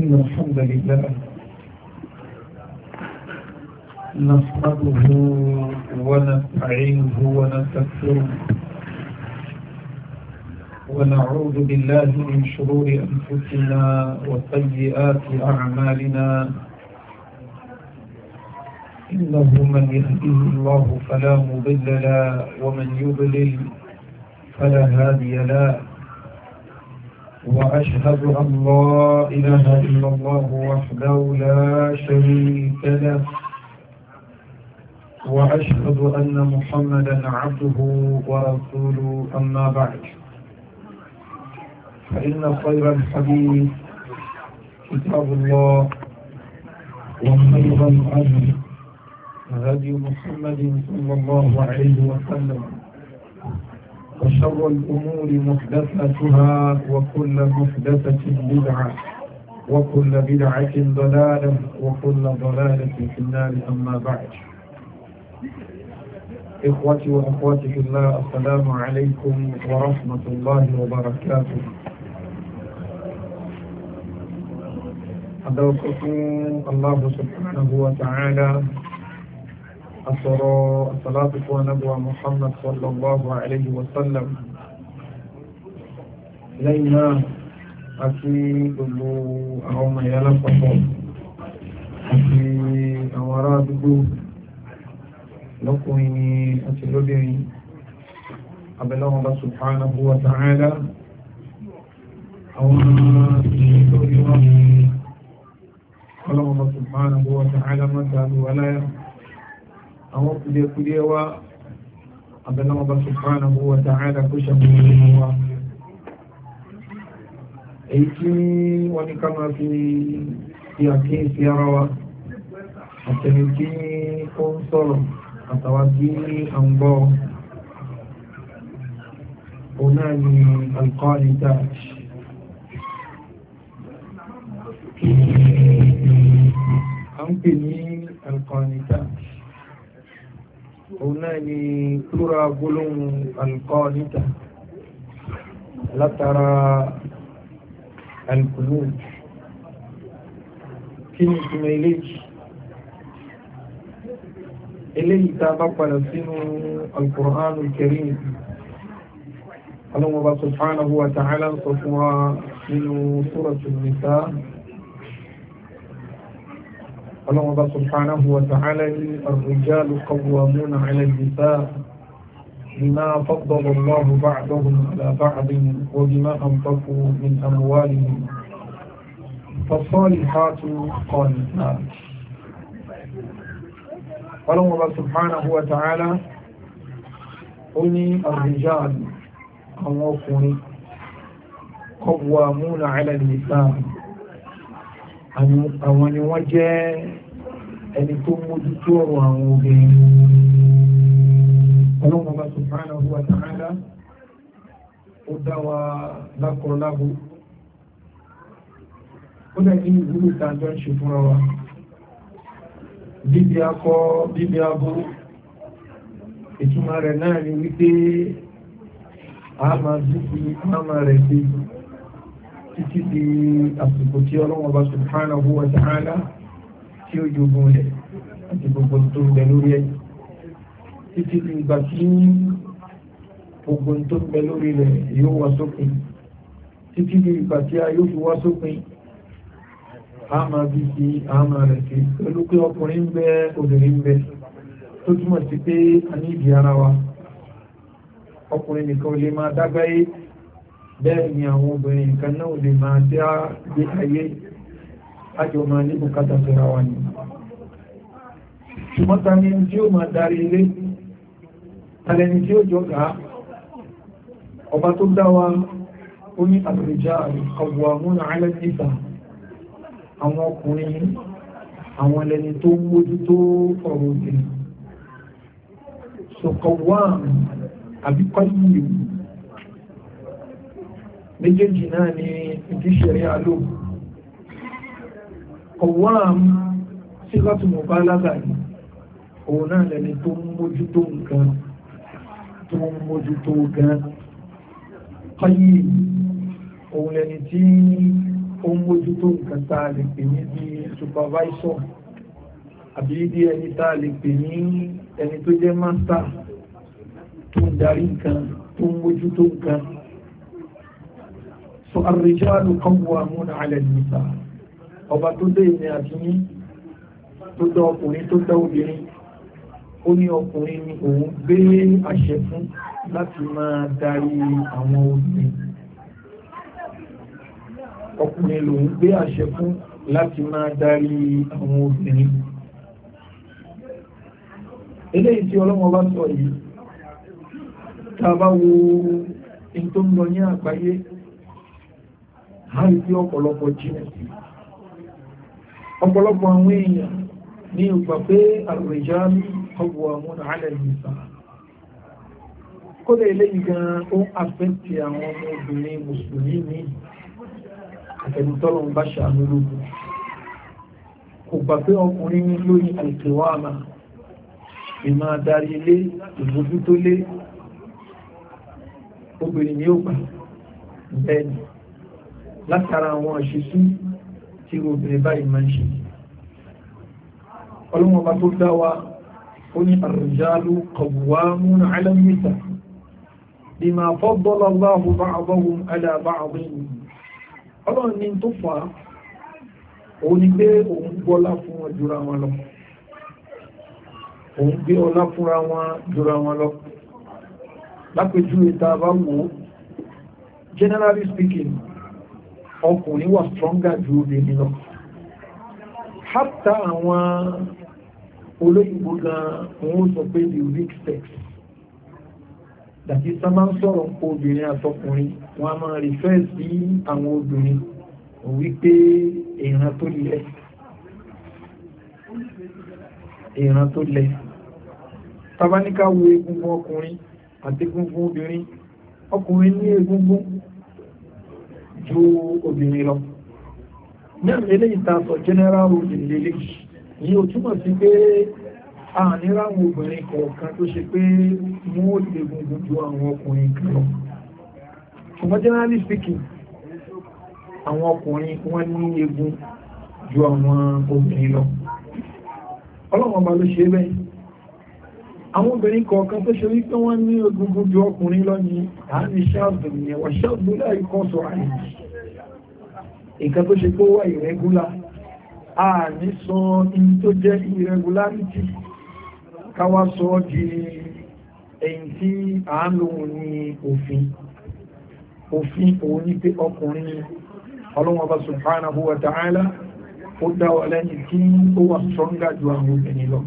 إن الحمد لله نصحبه ونستعينه ونستغفره ونعوذ بالله من شرور أنفسنا وسيئات أعمالنا إنه من يهديه الله فلا مضل له ومن يضلل فلا هادي له وأشهد أن لا إله إلا الله وحده لا شريك له وأشهد أن محمدا عبده ورسوله أما بعد فإن خير الحديث كتاب الله وخير الأمر هدي محمد صلى الله عليه وسلم وشر الأمور محدثتها وكل محدثة بدعة وكل بدعة ضلالة وكل ضلالة في النار أما بعد إخوتي وأخواتي في الله السلام عليكم ورحمة الله وبركاته أدعوكم الله سبحانه وتعالى àtọ̀rọ̀ àtàlátù fún anábọ̀wà Muhammad sallallahu alayhi wa sallam lẹ́yìn náà àti gbogbo àwọn ọmọ ìyá lápapọ̀ àti àwọn ará àdúgbò lọ́kùnrin àti lóbìnrin abẹ́lọ́wọ́n bá subhanahu wa ta'ala àwọn ìlú ìwọ̀n ọlọ́wọ́n bá subhanahu wa ta'ala mọ́ta àlúwàláyà àwọn kùdẹ̀kùdẹ̀ wa abẹ́lọ́mọba subhanahu wa ta'ala kó ṣàmúlò wa èyí tí wọ́n ní ká máa fi fi àkíyèsí ara wa àtẹ̀lẹ̀ tí ó dáàjì a ń pè ní alkọ́ọ̀lì dáàjì òun náà ni plura gbólóhùn alqanita látara alqunut kí ni ìtumọ̀ eléyìí eléyìí tá a bá padà sínú alqur'anul karim ọlọ́mọba subhanahu wa ta'ala sọ fún wa nisa الله سبحانه وتعالى الرجال قوامون على النساء بما فضل الله بعضهم على بعض وبما انفقوا من اموالهم فالصالحات قانتات قال الله سبحانه وتعالى أني الرجال قوامون على النساء àwọn ni wọ́n jẹ́ ẹni tó mójútó ọ̀rọ̀ àwọn obìnrin ọlọ́run ọba subhanahu wa ta'ala ó dá wa lákọ̀ọ́lábò ó dẹ̀ ní ìwúlò tàjọ́ ṣe fúnra wa bíbí akọ bíbí abo ìtumọ̀ rẹ̀ náà ni wípé a máa dúkú ní pàmà rẹ̀ gbégbé títí di àsìkò tí ọlọ́wọ́n bá subhanahu wa ta'ala tí ó jogun rẹ̀ àti gbogbo tó ń bẹ lórí ẹ̀ títí di ìgbà tí gbogbo tó ń bẹ lórí rẹ̀ yóò wá sópin títí di ìgbà tí a yóò fi wá sópin a máa bí sí a máa rẹ̀ sí pẹ̀lú pé ọkùnrin bẹ obìnrin bẹ tó túmọ̀ sí pé a ní ìdí ara wa ọkùnrin nìkan lè máa dágbáyé bẹ́ẹ̀ ni àwọn obìnrin nǹkan náà lè máa tí a gbé ayé àjọ máa ní bùkátà síra wa ni ṣùgbọ́ta ni tí ó máa darí ilé tàlẹ́ni tí ó jọ́gá ọba tó dáwa ó ní àbúrújá ọgbọ̀ àmúnà alẹ́sìta àwọn ọkùnrin àwọn ẹlẹ́ni tó ń mójú tó ọ̀rọ̀ òkè sọ̀kọ̀wọ́ àbíkọ́ yìí méjèèjì náà ni ìdíṣẹ̀rí àlò ọ̀wọ́n sí láti mọ̀ bá lágbàáyé òun náà lẹ́ni tó ń mójútó nǹkan tó ń mójútó gan kọ́yí òun lẹ́ni tí ó ń mójútó nǹkan tá a lè pè ní bí supervisor àbí bí ẹni tá a lè pè ní ẹni tó jẹ́ master tó ń darí nǹkan tó ń mójútó nǹkan الرجال قوامون على النساء ọba tó dé ìní àti ní tó dá ọkùnrin tó dá obìnrin ó ní ọkùnrin ni òun gbé àṣẹ fún láti máa darí àwọn obìnrin ọkùnrin lòun gbé àṣẹ fún láti máa darí àwọn obìnrin eléyìí tí ọlọ́wọ́ bá sọ yìí tá bá wo in tó ń lọ ní àgbáyé a rí bí ọ̀pọ̀lọpọ̀ jìnà sí ọ̀pọ̀lọpọ̀ àwọn èèyàn ní ìgbà pé ar-rijal qawwamuna 'ala an-nisaa kó lè lè gan ó àfẹ́tì àwọn ọmọ obìnrin mùsùlùmí ní àtẹ̀lùtọ́lọ̀ ń bá obìnrin ni ó gbà bẹ́ẹ̀ látara àwọn àṣìṣú tí obìnrin báyìí máa ń ṣe ọlọ́mọba tó dá wa ó ní àrùjálù qawwamuna 'ala an-nisa bima faddala Allahu ba'dahum 'ala ba'din ọlọ́run ní tó fà á òun ni pé generally speaking ọkùnrin wà stronger ju obìnrin lọ hátà àwọn olóyìnbó gan wọ́n sọ pé the weak sex dàbí sábà ń sọ̀rọ̀ obìnrin àtọkùnrin wọ́n a máa refer sí àwọn obìnrin wípé èèyàn tó lẹ èèyàn tó lẹ tabaníká wo egungun ọkùnrin àti egungun obìnrin ọkùnrin ní egungun ju obìnrin lọ náà eléyìí ta general rule lélẹ̀ ní ó túmọ̀ sí pé a níláwọn obìnrin kọ̀ọ̀kan tó ṣe pé mú ó lè gungun ju àwọn ọkùnrin kan ṣùgbọ́n generally speaking àwọn ọkùnrin wọ́n ní egun ju àwọn obìnrin lọ ọlọ́wọ́n ọba ló ṣe bẹ́ẹ̀ àwọn obìnrin kọ̀ọ̀kan tó ṣe wípé wọ́n ní egungun ju ọkùnrin lọ ní àánì ṣáàbù nìyẹn wà ṣáàbù láì kọ́ sọ àyè ìkan tó ṣe pé wà ìrẹ́gúlá àní sọ in tó jẹ́ irregularity káwá sọ di ẹ̀yìn tí à ń lò ní òfin òfin òun ní pé ọkùnrin ọlọ́wọ́n bá subhanahu wa ta'ala ó dá wà lẹ́yìn tí ó wà stronger ju àwọn obìnrin lọ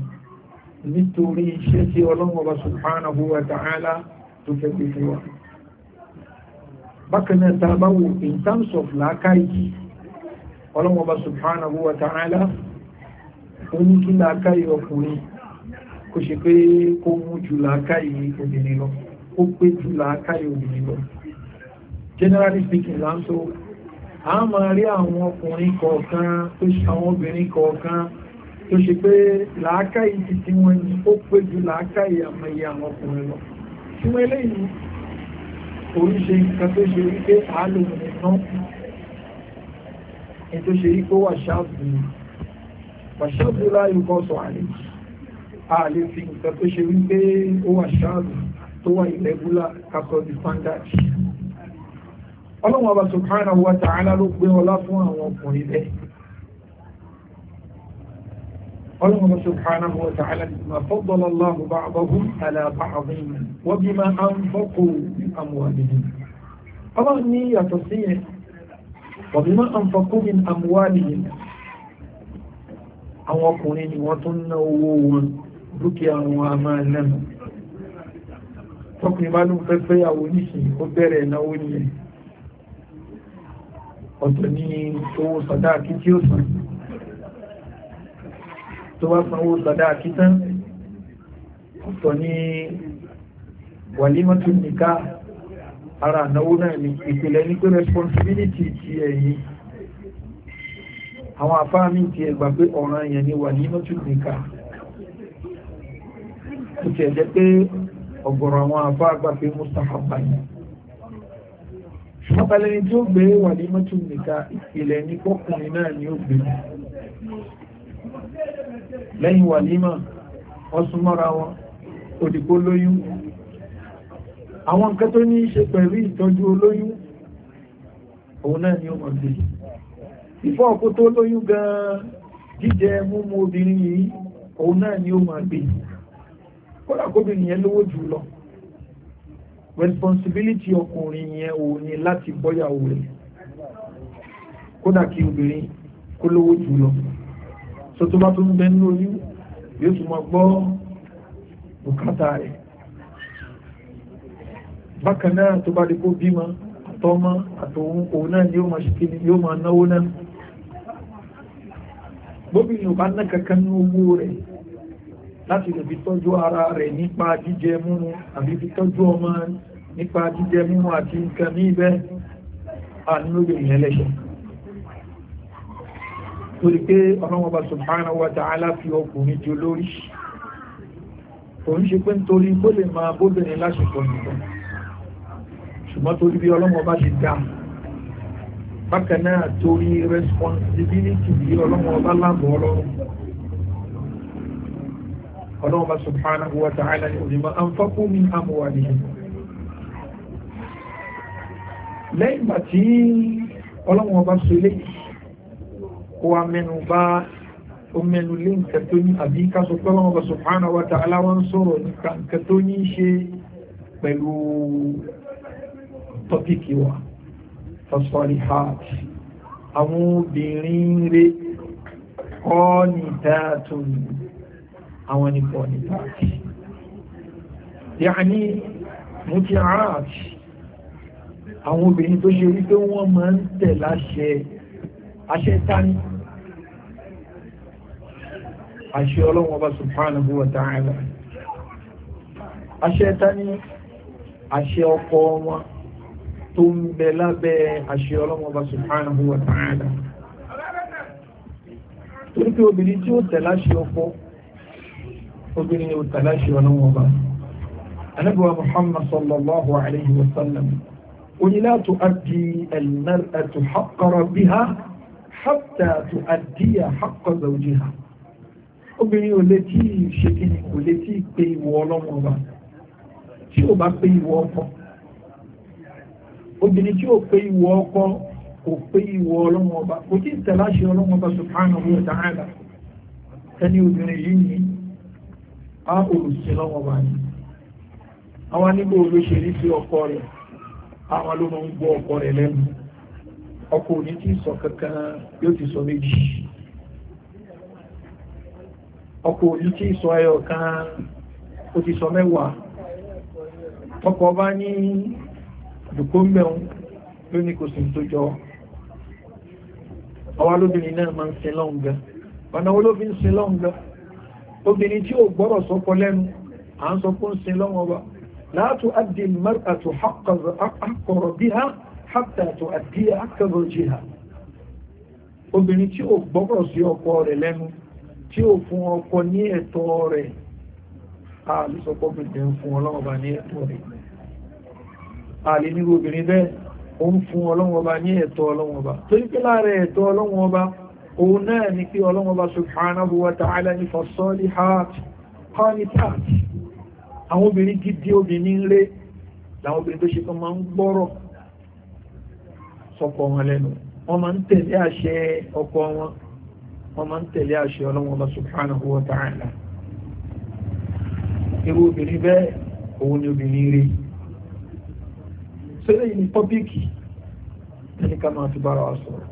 nítorí iṣẹ́ tí ọlọ́run ọba subhanahu wa ta'ala tó fẹ́ pè fún wa bákan náà tá a bá wò in terms of làákàyè ọlọ́run ọba subhanahu wa ta'ala ó ní kí làákàyè ọkùnrin kò ṣe pé kó mú ju làákàyè obìnrin lọ tó ṣe pé làákàyè ti ti wọn ni ó pé ju làákàyè àmọye àwọn ọkùnrin lọ tí wọ́n eléyìí orí ṣe nǹkan tó ṣe wípé àálòmù nìkan ní tó ṣe wípé wà ṣáàbù wà ṣáàbù láyé kọ́sọ̀ àlejò àlè fi nǹkan tó ṣe wípé ó wà ṣáàbù tó wà ìlẹ́gúlà kásọ̀ di standard ọlọ́run ọba subhanahu wa ta'ala ló gbé ọlá fún àwọn ọkùnrin bẹ́ẹ̀ قال سبحانه وتعالى بما فضل الله بعضهم على بعض وبما أنفقوا من أموالهم الله نية تصيح وبما أنفقوا من أموالهم àwọn ọkùnrin ni wọ́n tún ná owó wọn dúkìá wọn a máa lẹ́nu tọkùnrin bá ló fẹ́ fẹ́yàwó níṣìí ó bẹ̀rẹ̀ ìnáwó nìyẹn ọ̀tọ̀ ní owó sàdáàkí tí ó sàn tó wá sanwó sọ̀dá àkítán ọ̀tọ̀ ní wàlímọ́tún nìká ara ànáwó náà ni ìpìlẹ̀ ní pé responsibility ti ẹ̀yìn àwọn àfáà mi ti ẹgbà pé ọ̀ràn yẹn ni wàlímọ́tún nìká ó ti ẹ̀jẹ́ pé ọ̀gọ̀rọ̀ àwọn àfáà gbà pé mustapha yẹn ṣùgbọ́n tí ó gbé wàlímọ́tún nìká ìpìlẹ̀ ní pọ́kùnrin náà ni ó gbé lẹ́yìn wàlímà wọ́n súnmọ́ra wọn òdìgbò lóyún àwọn nǹkan tó ní í ṣe pẹ̀lú ìtọ́jú olóyún òun náà ni ó mọ̀ sí ìfọ́ ọkú tó lóyún gan jíjẹ múmú obìnrin yìí òun náà ni ó mọ̀ gbé kódà kóbìnrin lówó jù lọ responsibility ọkùnrin yẹn òun ni láti bọ́yàwó rẹ̀ kódà kí obìnrin kó lówó jù lọ so tó bá tó ń bẹ ní oyún yóò tún máa gbọ́ bùkátà rẹ̀ bákan náà tó bá di kó bímọ àtọ́mọ àtòun òun náà ni yóò máa ṣe ni yóò máa náwó náà gbóbìnrin ò bá ná kankan ní owó rẹ̀ láti lè fi tọ́jú ara rẹ̀ nípa jíjẹ múmu àbí fi tọ́jú ọmọ nípa jíjẹ múmu àti nǹkan ní ibẹ̀ ànílógbè ìrẹ́lẹ́ṣẹ̀ẹ́ torí pé ọlọ́wọ́ba subhanahu wa ta'ala fi ọkùnrin jù lórí òun ṣe pé nítorí kó lè máa bóbìnrin lásìkò nìkan ṣùgbọ́n torí bí ọlọ́wọ́ba ṣe dá bákan náà torí responsibility bí ọlọ́wọ́ba lábọ̀ ọlọ́run lẹ́yìn bàtí ọlọ́wọ́ba sọ eléyìí ó wá mẹ́nu bá ó mẹ́nu lé nǹkan tó ní àbí ká sọ pé wọn bá subhanahu wa ta'ala wọn sọ̀rọ̀ nípa nǹkan tó ní ṣe pẹ̀lú tọ́pìkì wa fasalihat àwọn obìnrin rẹ̀ qanitatun àwọn ni àwọn obìnrin tó ṣe àṣẹ ọlọ́run ọba subhanahu wa ta'ala àṣẹ tání àṣẹ ọkọ wọn tó ń bẹ lábẹ́ àṣẹ ọlọ́run ọba subhanahu wa ta'ala torí pé obìnrin tí ó tẹ̀láṣẹ ọkọ obìnrin ni ó tẹ̀láṣẹ ọlọ́run ọba anábíwá muhammad sallallahu alayhi wa sallam قل لا تؤدي المرأة حق ربها حتى تؤدي حق زوجها obìnrin ò lè tí ì ṣe kíni kò lè tí ì pe ìwọ ọlọ́mọ ọba tí ò bá pe ìwọ ọkọ obìnrin tí ò pe ìwọ ọkọ kò pe ìwọ ọlọ́mọ ọba kò tí ì tẹ̀láṣẹ ọlọ́mọ ọba subhanahu wa ta'ala ẹni obìnrin yìí ni a olùsìn lọ́wọ́ ọba ni àwọn nígbà olóṣèlú sí ọkọ rẹ̀ àwọn ló máa ń gbọ́ ọkọ rẹ̀ lẹ́nu ọkọ òní tí sọ kankan yóò ti sọ méjì ọkọ̀ òní tí sọ ẹyọ kan ó ti sọ mẹ́wàá ọkọ̀ bá ní dùkó mẹ́un ló ní kò sí tó jọ ọwá lóbìnrin náà máa ń sin lọ́ǹgá ọ̀nà olóbin sin lọ́ǹgá obìnrin tí ó gbọ́rọ̀ sọ́kọ lẹ́nu à ń sọ pé ń sin lọ́wọ́ obìnrin tí ó gbọ́rọ̀ sí ọkọ rẹ̀ lẹ́nu tí ó fún ọkọ ní ẹ̀tọ́ rẹ̀ a bìtẹ̀ ń fún ọlọ́wọ́ba ní ẹ̀tọ́ rẹ̀ àlè ní obìnrin bẹ́ẹ̀ ó ń fún ọlọ́wọ́ba ní ẹ̀tọ́ ọlọ́wọ́ba tó ni ní fasalihat qanitat àwọn wọn lẹ́nu wọ́n máa ń tẹ̀lé àṣẹ ọkọ wọn wọ́n máa ń tẹ̀lé àṣẹ ọlọ́wọ́n lọ subhanahu wa ta'ala irú obìnrin bẹ́ẹ̀ òun ni obìnrin rí sílẹ̀ yìí ní pọ́bíkì ẹni ká máa fi bára wa sọ̀rọ̀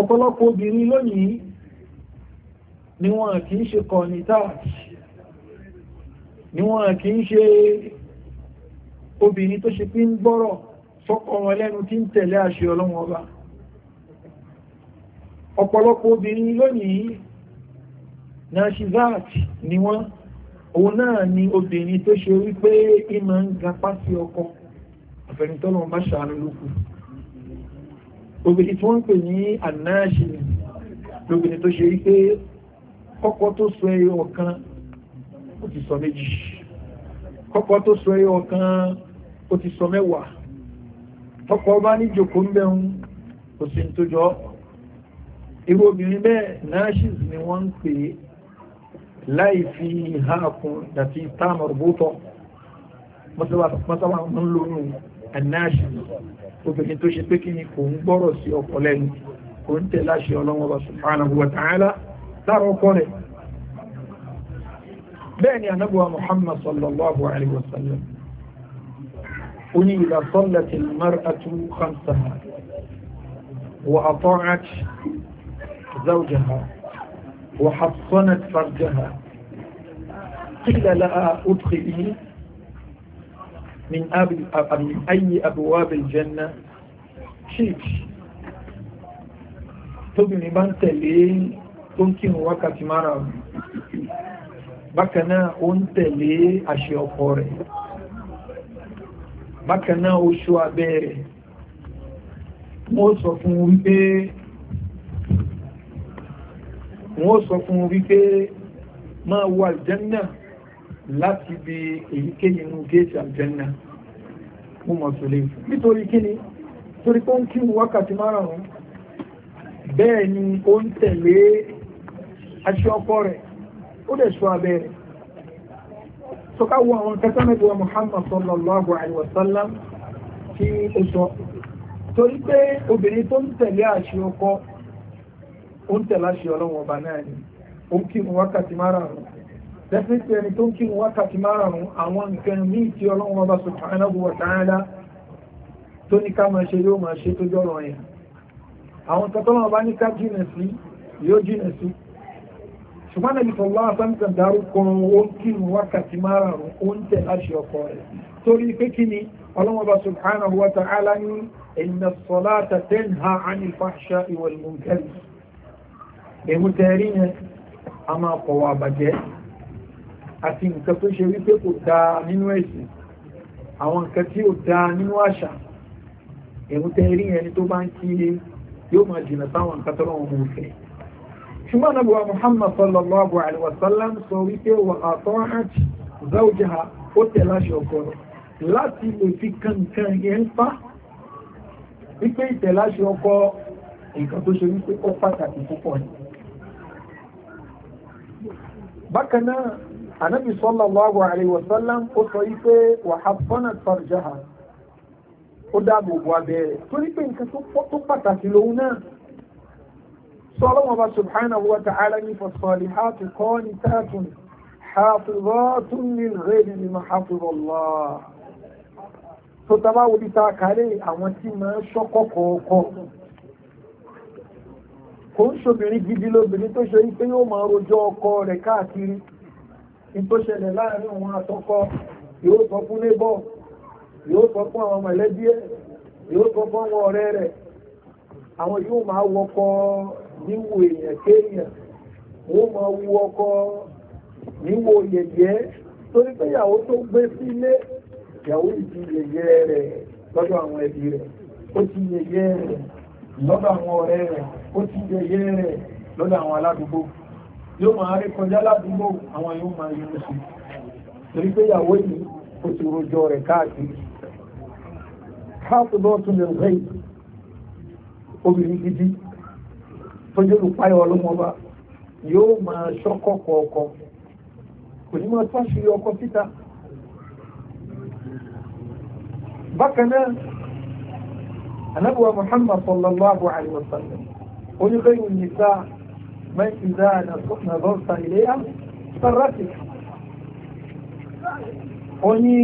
ọ̀pọ̀lọpọ̀ obìnrin lónìí ni wọ́n kì í ṣe kọ̀ọ̀nì táàkì ni wọ́n kì í ṣe obìnrin tó ṣe pín gbọ́rọ̀ sọ́kọ̀ lẹ́nu tí ń tẹ̀lé àṣẹ ọlọ́wọ́n ọba ọ̀pọ̀lọpọ̀ obìnrin lónìí nashivat ni wọ́n òun náà ni obìnrin tó ṣe wípé ìmọ̀ ń gapá sí ọkọ àfẹnitọ́lọ́ bá ṣàánú lókù obìnrin tí wọ́n ń pè ní anáṣì lóbìnrin tó ṣe wípé kọ́kọ́ tó sọ ẹyọ ọ̀kan ó ti sọ méjì kọ́kọ́ tó sọ ẹyọ ọ̀kan ó ti sọ mẹ́wàá ọkọ̀ ọba níjòkó ń bẹ̀rún kò sí ní tó jọ ọ́ irú obìnrin bẹ́ẹ̀ nashis ni wọ́n ń pè láì fi hákun àti tamar bótọ́ mọ́sánwà ń lóyún annashis obìnrin tó ṣe pé kí ni kò ń gbọ́rọ̀ sí ọkọ lẹ́nu kò ń tẹ̀ láṣẹ ọlọ́wọ́ bá subhanahu wa ta'ala صلت المرأة خمسها وأطاعت زوجها وحصنت فرجها قيل لها ادخلي من, أب... من أي أبواب الجنة شئت tóbìnrin bá ń tẹ̀lé tó ń kírun wákàtí mara bákanáà ó ń tẹ̀lé àṣẹ ọkọ rẹ̀ bákanáà oṣù abẹ́ rẹ̀ wọ́n sọ fún wípé wọ́n sọ fún wípé máa wọ àjẹ́nà láti bí èyíkéyìí inú géètì àjẹ́nà mú mọ̀ tó lè fún nítorí kí ni torí pé ó ń kí wákàtí márùn-ún bẹ́ẹ̀ ni ó ń tẹ̀lé aṣọ ọkọ rẹ̀ ó dẹ̀ ṣọ́ abẹ́ rẹ̀ sọ́ká wọ àwọn kẹtàmẹ́bí wa Muhammad sallallahu alaihi wasallam tí ó sọ torí pé obìnrin tó ń tẹ̀lé aṣọ ọkọ ó ń tẹ̀lá ṣe ọlọ́wọ́ ọba náà ni ó ń kírun wákàtí márùn-ún dẹ́fẹ́tì ẹni tó ń kírun wákàtí márùn-ún àwọn nǹkan míì tí ọlọ́wọ́ ọba subhanahu wa ta'ala tó ní ká máa ṣe yóò máa ṣe tó jọrọ yẹn àwọn kan tọ́lọ́wọ́ ọba ní ká jìnà sí yóò jìnà sí ṣùgbọ́n nàbí sọ̀lá àtàǹkan dárúkọ ó ń kírun wákàtí márùn-ún ó ń tẹ̀lá ọkọ rẹ̀ torí pé kí ni ọlọ́wọ́ba subhanahu wa ta'ala ní inna as-salata tanha èmútẹ́ rí yẹn a máa kọ̀wọ̀ àbàjẹ́ àti nǹkan tó ṣe wípé kò dáa nínú ẹ̀sìn àwọn nǹkan tí ò dáa nínú àṣà èmútẹ́ ni tó bá ń kí yóò máa jìnà nǹkan ṣùgbọ́n nàbùwà Muhammad sallallahu alaihi wasallam sọ wípé wà àtọ́rán zawjaha ó tẹ̀ láṣẹ ọkọ rẹ̀ láti lè fi kankan yẹn pa wípé ìtẹ̀láṣẹ ọkọ nǹkan tó ṣe wípé bákan náà ànábì sallallahu alaihi wasallam ó sọ yí pé wàhálà farjaha ó dáàbò bo abẹ́rẹ́ torí pé nǹkan tó pàtàkì lòun náà صلى الله سبحانه وتعالى فالصالحات قانتات حافظات للغيب بما حفظ الله فتباو بتاكالي أوتي ما شقوقوقو kò ń ṣobìnrin gidi lóbìnrin tó ṣe wípé yóò máa rojọ́ ọkọ rẹ̀ káàkiri ní tó ṣẹlẹ̀ láàrin òun àtọkọ yóò sọ fún lébọ̀ yóò sọ fún àwọn mọ̀lẹ́bí ẹ̀ yóò sọ fún àwọn ọ̀rẹ́ rẹ̀ àwọn yóò máa wọkọ níwò èèyàn kéèyàn wọ́n máa wu ọkọ níwò yẹ̀yẹ́ torí pé ìyàwó tó gbé sílé ìyàwó ìdí yẹ̀yẹ́ rẹ̀ lọ́dọ̀ àwọn ẹbí rẹ̀ ó ti yẹ̀yẹ́ rẹ̀ lọ́dọ̀ àwọn ọ̀rẹ́ rẹ̀ ó ti yẹyẹ rẹ̀ lọ́dọ̀ àwọn aládùúgbò yóò máa rí kọjá ládùúgbò àwọn yóò máa yìí mú sí torí pé ìyàwó yìí ó ti rojọ rẹ̀ káàkiri káàkiri tún lè rẹ̀ obìnrin gidi tó jẹ́ olùpáyọ̀ ọlọ́mọba yóò máa ṣọ́kọ̀ kọ̀ọ̀kọ̀ kò ní máa anabuwa muhammad sallallahu alaihi wasallam oníkẹ́yìn nìta mẹ́tìdá nàzọ́ta ilé á sàrátì ó ní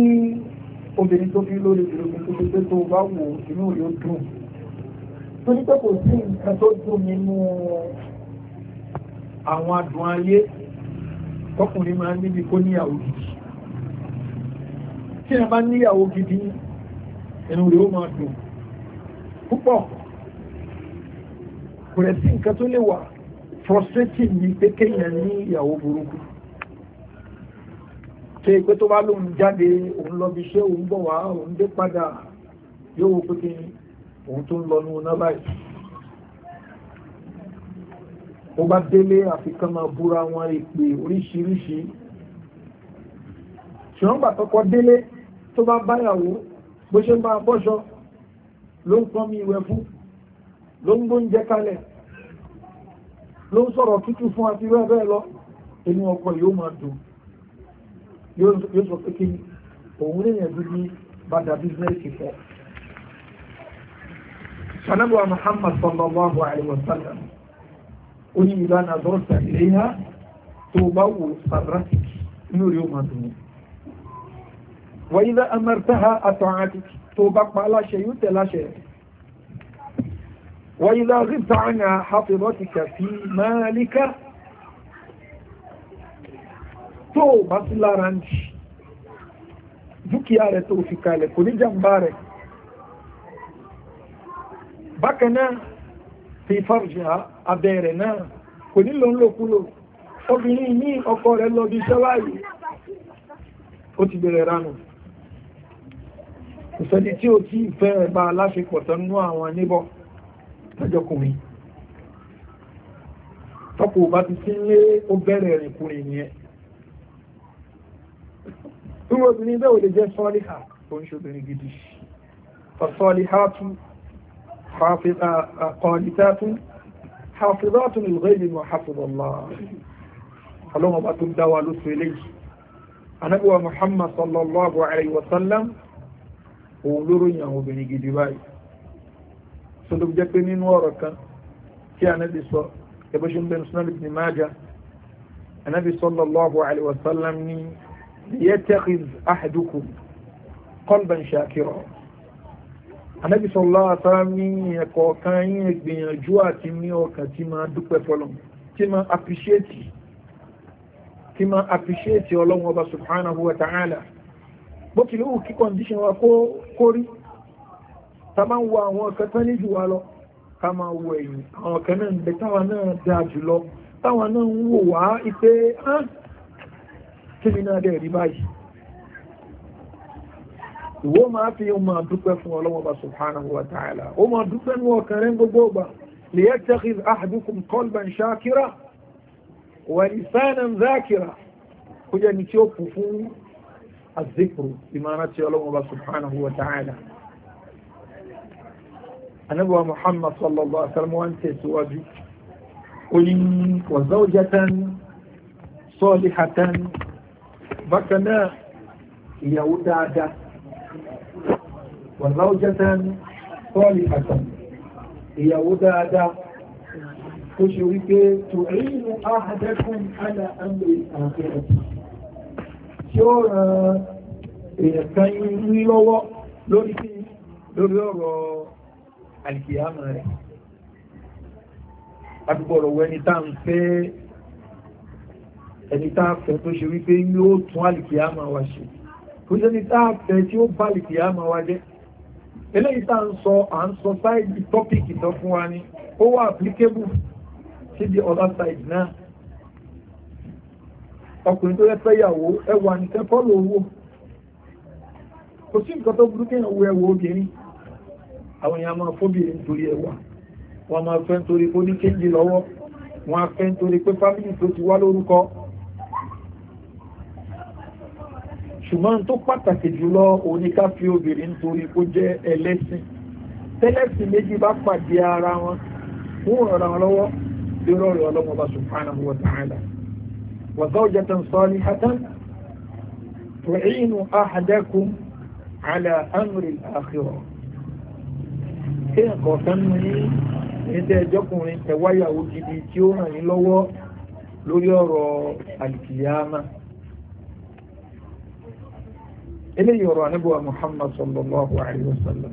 obìnrin tó fi lórí ìròyìn tó fi pé tó bá wò inú yóò dùn tó ní pé kò sí nǹkan tó dùn nínú àwọn adùn ayé tọkùnrin máa níbi kó níyàwó gidi tí a bá níyàwó gidi ẹnu rẹ̀ ó máa dùn púpọ̀ kò rẹ̀ nǹkan tó lè wà frustrating ni pé kéèyàn ní ìyàwó burúkú ṣe pé tó bá lóun jáde òun lọ bí iṣẹ́ òun bọ̀ wá òun dé padà yóò wo pé kí òun tó ń lọ nu náà báyìí ó bá délé àfikán máa búra wọn ìpè oríṣiríṣi ṣùgbọ́n gbà tọkọ délé tó bá báyàwó bó ṣe ń bá a ló ń pọ́n mi ìwẹ̀ fún ló ń gbóúnjẹ kalẹ̀ ló ń sọ̀rọ̀ tútù fún àti rẹ́ bẹ́ẹ̀ lọ inú ọkọ yóò máa dùn yóò sọ pé kí òun lè yẹn ní bàdà bísínẹ́sì fẹ́ sanabuwa muhammad sallallahu alaihi wa sallam ó ní ìlú àná tó bá wò sàrátìkì inú rí ó máa dùn wáyé dá amẹ́rẹ́tà àtọ̀ àtìkì tó bá pa aláṣẹ yóò tẹ̀ láṣẹ wáyé lọ́rí tààrà hafizọ́tìkà fi máàlíkà tó bá sí lára ń jì dúkìá rẹ̀ tó fi kalẹ̀ kò ní jàmbá rẹ̀ bákan náà fi fàrùjà abẹ́rẹ̀ náà kò ní lọ obìnrin ní ọkọ rẹ̀ lọ bí iṣẹ́ ó ti bẹ̀rẹ̀ ránù kò sẹ́ni tí ó tí ìfẹ́ ẹgbà aláṣepọ̀ tánú àwọn níbọ̀ tọ́jọkùnrin tọ́kù bá ti sí ilé ó bẹ̀rẹ̀ rìnkùnrin yẹn irú obìnrin bẹ́ẹ̀ ò lè jẹ́ sọ́ọ́líhà tó ń ṣobìnrin gidi فالصالحات قانتات حافظات للغيب وحفظ الله اللهم بأتم دوا لسو إليه أنبوى محمد صلى الله عليه وسلم òun lóró yìn àwọn obìnrin gidi báyìí tó ló jẹ́ pé nínú ọ̀rọ̀ kan tí anábì sọ ẹbọ́ ṣe ń bẹ̀rù sunan ibn majah anábì sallallahu alaihi wa sallam ní yattakhidh ahadukum qalban shakira anábì sallallahu alaihi ní ẹ̀kọ́ kan yín gbìyànjú àti ní ọkàn tí máa dúpẹ́ fọlọ́n tí máa appreciate tí máa appreciate ọlọ́run ọba subhanahu wa ta'ala. ala bó kìlú wù kí kọndíṣìn wa kó rí ta máa ń wo àwọn ọ̀kẹ́ tán ní jù wa lọ ká máa wo ẹ̀yìn àwọn ọ̀kẹ́ náà ń bẹ táwa náà dáa jù lọ táwa náà ń wò wá ipe hàn kí ni náà dẹ̀ rí báyìí ìwọ máa fi yóò máa dúpẹ́ fún ọlọ́wọ́ bá subhanahu wa ta'ala ó máa dúpẹ́ ní ọkàn rẹ̀ gbogbo ọgbà lè yẹ tẹ́kì àdúkùn kọlban ṣákírà wà ní sáànà zákírà kó jẹ́ ni tí ó kù fún azikru ìmọ̀ràn tí ọlọ́run bá subhanahu wa ta'ala anábọ̀wá muhammad sallallahu alaihi wa sallam wọ́n tẹ̀síwájú ó ní wa zawjatan salihatan bákan náà ìyàwó dáadáa wa zawjatan salihatan ìyàwó dáadáa tó ṣe wípé tu'inu ahadakum ala amri akhirati tí ó ràn èèyàn kan ní lọ́wọ́ lórí sí lórí ọ̀rọ̀ àìkìyàmọ̀ rẹ̀ àdúgbò ọ̀rọ̀ wẹni tá ń fẹ́ ẹni tá a fẹ́ tó ṣe wípé yóò tún àìkìyàmọ̀ wa ṣe kò jẹ́ ni tá a fẹ́ tí ó bá àìkìyàmọ̀ wa jẹ́ eléyìí tá ń sọ à ń sọ sáìdì tọ́pìkì tó fún wa ni ó wà applicable sí the other side náà ọkùnrin tó fẹ́ yàwó ẹwà nìkan kọ́ ló wò kò sí nǹkan tó burú kéèyàn wo ẹwà obìnrin àwọn èèyàn máa fóbìnrin nítorí ẹwà wọ́n máa fẹ́ nítorí pé ó ní kéjì lọ́wọ́ wọ́n á fẹ́ nítorí pé fámìlì tó ti wá lórúkọ ṣùgbọ́n tó pàtàkì jùlọ oníká fi obìnrin nítorí kó jẹ́ ẹlẹ́sìn tẹ́lẹ̀sìn méjì bá pàdé ara wọn fún ọ̀rọ̀ àwọn lọ́wọ́ lórí ọ̀rọ̀ ọlọ́mọba subhanahu wa ta'ala وزوجة صالحة تعين أحدكم على أمر الآخرة كيف قسمني إذا جكم أنت ويا وجديتيون لو ليرى القيامة إلي يرى نبوة محمد صلى الله عليه وسلم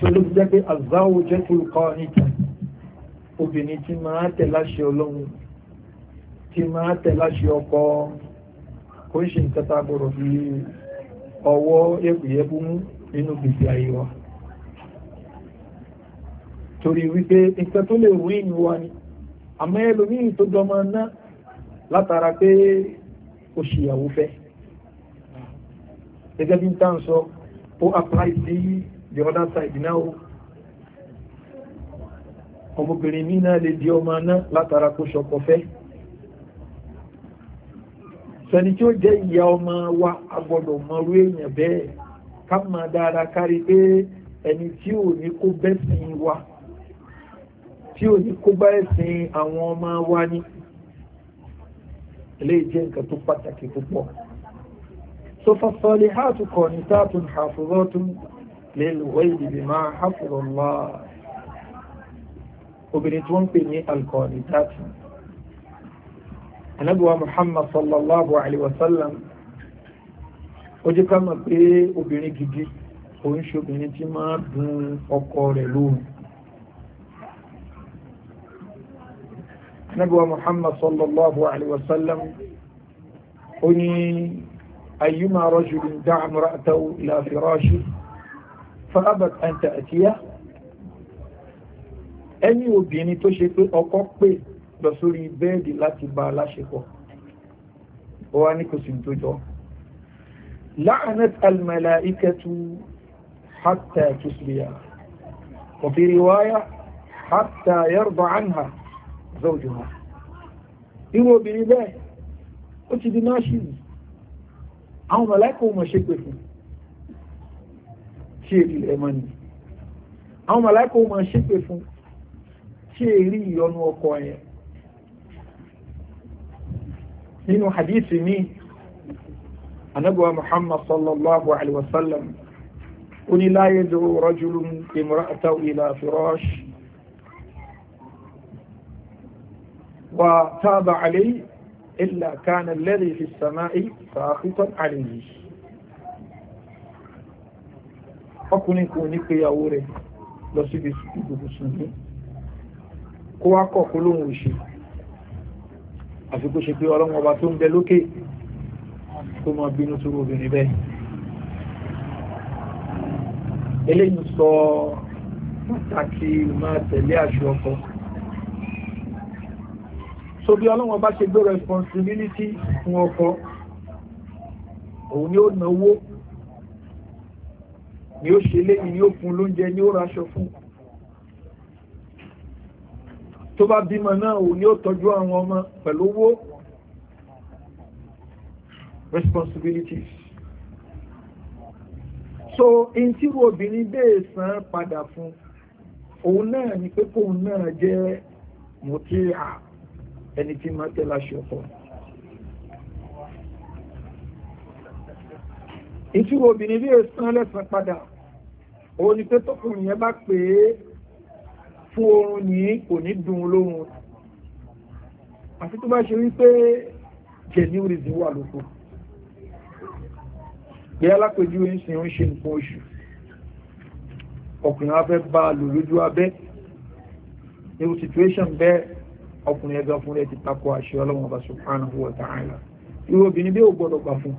سلوك ذاك الزوجة القانتة obìnrin tí máa tẹ̀láṣẹ kí máa tẹ̀láṣẹ ọkọ kó ń ṣe nǹkan tágbọ̀rọ̀ fi ọwọ́ yẹ́bùyẹ́bù mú nínú gbèsè ayé wa torí wípé nǹkan tó lè wí ní wa ni àmọ́ ẹlòmíì tó jọmọ ná látara pé ó ṣìyàwó fẹ́ gẹ́gẹ́ bí n ń sọ ó apply sí the other side náà ọmọbìnrin mi náà lè di ọmọ ná látara kó ṣọkọ fẹ́ sọni tí ó jẹ́ ìyá ọmọ wa agbọ́dọ̀ mọ̀rú èèyàn bẹ́ẹ̀ ká máa dára kárí pé ẹni tí ò ní kó bẹ́sìn wa tí ò ní kó bá ẹ̀sìn àwọn ọmọ wa ní ilé jẹ́ nǹkan tó pàtàkì púpọ̀ so fasọ́lé hàtù kọ̀ ní tààtùn hafizatun lẹ́lùwẹ́ ìdìbì máa hafizallah obìnrin tí wọ́n ń pè ní alkọ̀ọ̀nì tààtùn anábíwá muhammad sallallahu alaihi wasallam ó jẹ́ ká mọ̀ pé obìnrin gidi kò ń ṣe obìnrin tí máa dùn ọkọ rẹ̀ lóhùn anábíwá muhammad sallallahu alaihi wasallam ó ní ayyuma rajulin da'a imra'atahu ila firashi fa'abat an ta'tiya ẹni obìnrin tó ṣe pé ọkọ pè lọ sórí bẹ́ẹ̀dì láti bá a láṣepọ̀ ó wá ní kò sí tó jọ la'anat al-mala'ikatu hatta tusbiya wa fi riwaya hatta yarda anha zawjuha irú obìnrin bẹ́ẹ̀ ó ti di náṣìlì àwọn mọ̀láìkà mọ̀ ṣe pé fún tí èrí ẹ̀mọ́ ni àwọn mọ̀láìkà mọ̀ ṣe pé fún tí èrí ìyọnu ọkọ yẹn nínú hadithi ní anábọ̀wá muhammad sallallahu alaihi wasallam ó ní la yad'u rajulun imra'atahu ila firash wa taba alayhi illa kana alladhi fi as-sama'i saqitan alayhi ọkùnrin kò ní pé rẹ̀ lọ síbi ìbùkún ní kó wá kọ̀ kó lóhun òṣèlú àfi kó ṣe pé ọlọ́run ọba tó ń bẹ lókè kó mọ bínú tó obìnrin bẹ́ẹ̀ eléyìí sọ pàtàkì máa tẹ̀lé àṣọ ọkọ so bí ọlọ́run ọba ṣe gbé responsibility fún ọkọ òun ni ó náwó ni ó ṣe léyìn ni ó fún lóúnjẹ ni ó raṣọ fún tó bá bímọ náà ò ní ó tọ́jú àwọn ọmọ pẹ̀lú owó responsibilities so in tí wo obìnrin bẹ́ẹ̀ san padà fún òun náà ni pé kóun náà jẹ́ mọ̀tíà ẹni tí máa tẹ́lá ṣọ̀tọ̀ in tí wo obìnrin bẹ́ẹ̀ san lẹ́san padà òun ni pé tọkùnrin yẹn bá pè é fún oorun ní kò ní dùn lóhun àti tó bá ṣe wípé genuine wà lóko pé alápèjúwe ń sin oúnṣe nǹkan oṣù ọkùnrin afẹ́ bá lò lójú abẹ́ irú situation bẹ́ẹ̀ ọkùnrin ẹgbẹ́ fún rẹ̀ ti takò àṣẹ ọlọ́wọ́n ọba subhanahu wa ta'ala irú obìnrin bí ó gbọ́dọ̀ gbà fún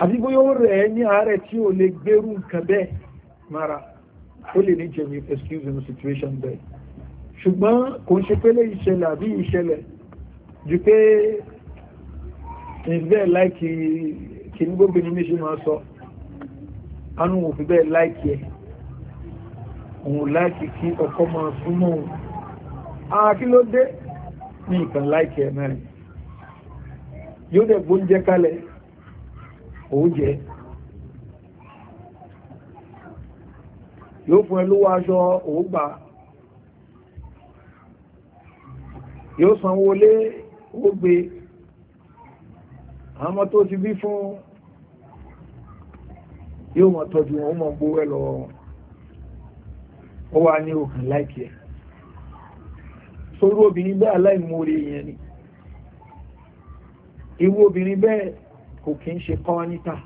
àti bóyá ó rẹ̀ ní àárẹ̀ tí ò lè gbérú nǹkan bẹ́ẹ̀ mara ó lè ní jẹmi excuse in situation there. ṣùgbọ́n kò ń ṣe pé lè ìṣẹ̀lẹ̀ àbí ìṣẹ̀lẹ̀ ju pé ìbẹ́ láìkì kì ní gbogbo ní méṣe máa sọ anú òfi bẹ́ẹ̀ láìkì ẹ̀ òun láìkì kí ọkọ máa súnmọ́ òun àkí ló dé ní ìkàn láìkì ẹ̀ náà yóò dẹ̀ gbóúnjẹ kalẹ̀ òun jẹ́ yóò fún ẹ lówó aṣọ ògbà yóò sanwó lé ó gbé àwọn ọmọ tó ti bí fún yóò mọ̀ tọ́jú wọn ó mọ̀ gbówó ẹ ó wá ní òkàn láìkí ẹ̀ sórí obìnrin bẹ́ẹ̀ aláìmoore yẹn ni irú obìnrin bẹ́ẹ̀ kò kí ń ṣe kọ́ níta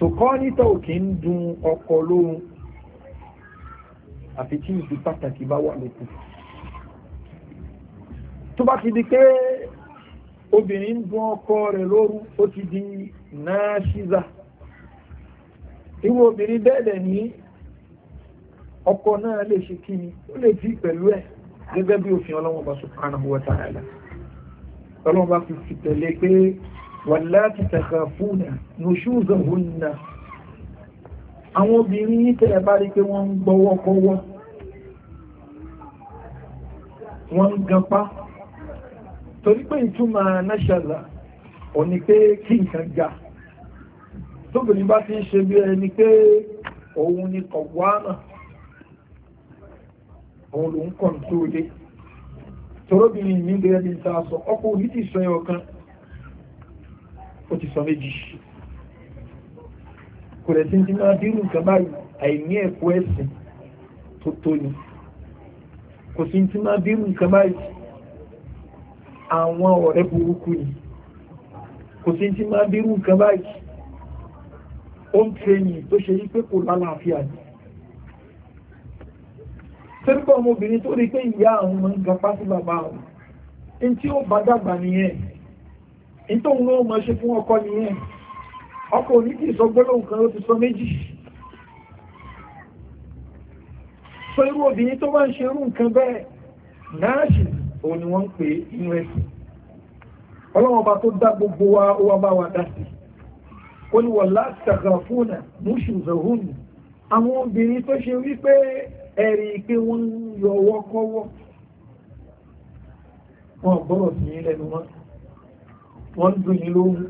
sòkọ́ níta ò kí ń dun ọkọ lóhun àfi tí ìdí pàtàkì bá wà lókù tó bá ti di pé obìnrin ń dun ọkọ rẹ̀ lóru ó ti di náà ṣíza irú obìnrin bẹ́ẹ̀dẹ̀ ní ọkọ náà lè ṣe kí ni ó lè fi pẹ̀lú ẹ̀ gẹ́gẹ́ bí òfin ọlọ́wọ́n bá subhanahu wa ta'ala ọlọ́wọ́n bá fi fi tẹ̀lé pé wàláti tẹ̀kàfúnà nùṣúzọ̀húnnà àwọn obìnrin ní tẹ́lẹ̀ bá rí pé wọ́n ń gbọ́wọ́kọ́wọ́ wọ́n ń ganpá torí pé ìtumọ̀ náṣàlá ò ní pé kí nǹkan ga tóbìnrin bá ti ń ṣe bí ẹni pé òun ni kọ̀wánà òun lòun kọ̀ntó lé toróbìnrin mi gẹ́gẹ́ bí ta sọ ọkọ̀ orí ti sọ ẹ̀ ọ̀kan ó ti sọ méjì kò rẹ̀ sí ti máa dírù nǹkan báyìí àìní ẹ̀kọ́ ẹ̀sìn tó tó ni kò sí ti máa dírù nǹkan báyìí àwọn ọ̀rẹ́ burúkú ni kò sí ti máa dírù nǹkan báyìí ó ń tẹ́yìn tó ṣe rí pé kò lálàáfíà ni tẹ́rùkọ́ ọmọbìnrin tó rí pé ìyá àwọn ọmọ ń gapá sí bàbá àwọn ní tí ó bá dàgbà nìyẹn ìtò ń lọ́wọ́ máa ṣe fún ọkọ nìyẹn ọkọ òní kì í sọ gbólóhùn kan ó ti sọ méjì sọ irú obìnrin tó bá ń ṣe irú nǹkan bẹ́ẹ̀ náàṣì òun ni wọ́n ń pè inú ẹ̀sìn ọlọ́wọ́n ọba tó dá gbogbo wa ó wá bá wa dá sí ó ní wọ́n látàkà fúnà múṣù zahun àwọn obìnrin tó ṣe wípé ẹ̀rí pé wọ́n yọ ọwọ́ kọ́wọ́ wọn gbọ́dọ̀ sí lẹ́nu wọn wọ́n dùn yín lóhun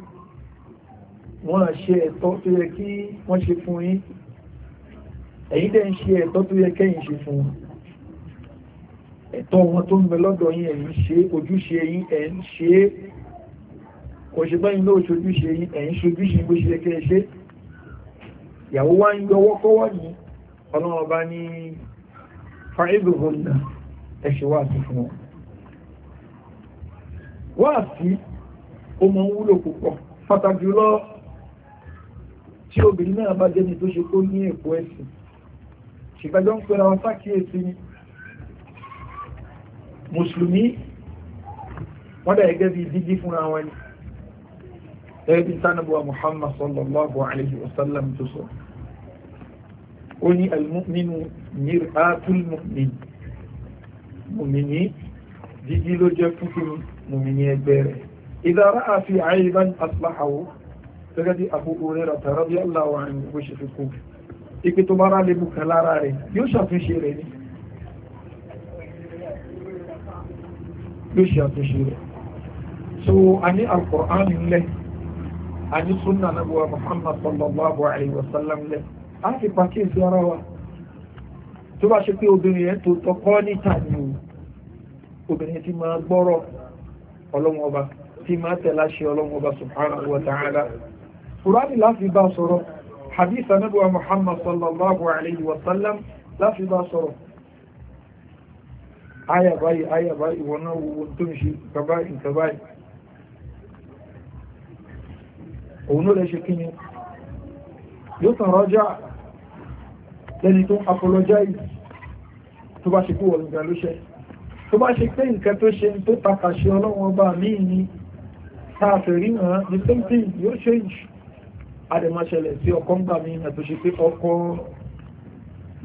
wọ́n à ṣe ẹ̀tọ́ tó yẹ kí wọ́n ṣe fún yín ẹ̀yin dẹ̀ ń ṣe ẹ̀tọ́ tó yẹ kẹ́yìn ṣe fún wọn ẹ̀tọ́ wọn tó ń bẹ lọ́dọ̀ yín ẹ̀yin ṣe ojúṣe yín ẹ̀ ṣe é kò ṣe báyìí lóò ṣojúṣe yín ẹ̀yin ṣojúṣe bó ṣe kẹ́ ṣe ìyàwó wá ń yọwọ́ kọ́wọ́ yìí ọlọ́run ọba ní fàíbù hùnà ẹ̀ṣẹ̀ wà sí fún wọn wá sí ó mọ ń wúlò púpọ̀ pàtàkì jùlọ tí obìnrin náà bá jẹ́ni tó ṣe kó ní èkó ẹ̀sìn ṣìgbàjọ́ ń pẹ́ra wọn sákìyèsí mùsùlùmí wọ́n dà gẹ́gẹ́ bí dídí fúnra wọn ni gẹ́gẹ́ bí sanabuwa muhammad sallallahu alayhi wa tó sọ ó ní almuminu mir'atul mu'min mùmìnì dídí ló jẹ́ fúnfún mùmìnì ẹgbẹ́ rẹ̀ إذا رأى في عيبا أصلحه فقد أبو هريرة رضي الله عنه وش في الكوفة إكتو مرة لمكلارة ري يوشف شيريني يوشف شيريني سو أني القرآن له أني سنة نبوة محمد صلى الله عليه وسلم له أني باكيس يا روا tó bá ṣe pé obìnrin yẹn tó tọkọ́ ọba tí máa tẹ̀lá ṣe ọlọ́run ọba subhanahu wa ta'ala kùránì láti bá sọ̀rọ̀ hadith anabuwa muhammad sallallahu alayhi wa sallam láti bá sọ̀rọ̀ aya báyìí aya báyìí wọn náà wo tó ń ṣe nǹkan báyìí nǹkan báyìí òun ló lè rọ́jà lẹ́ni tó apologize tó bá ṣe kú wọ̀lùgbà ló ṣe tó bá ṣe pé nǹkan tó ṣe tó takà ṣe bá míì ni káàkiri hàn the same thing yóò change adẹ̀mọ́ṣẹlẹ̀ tí ọkọ ń gbà mí àti ṣe pé ọkọ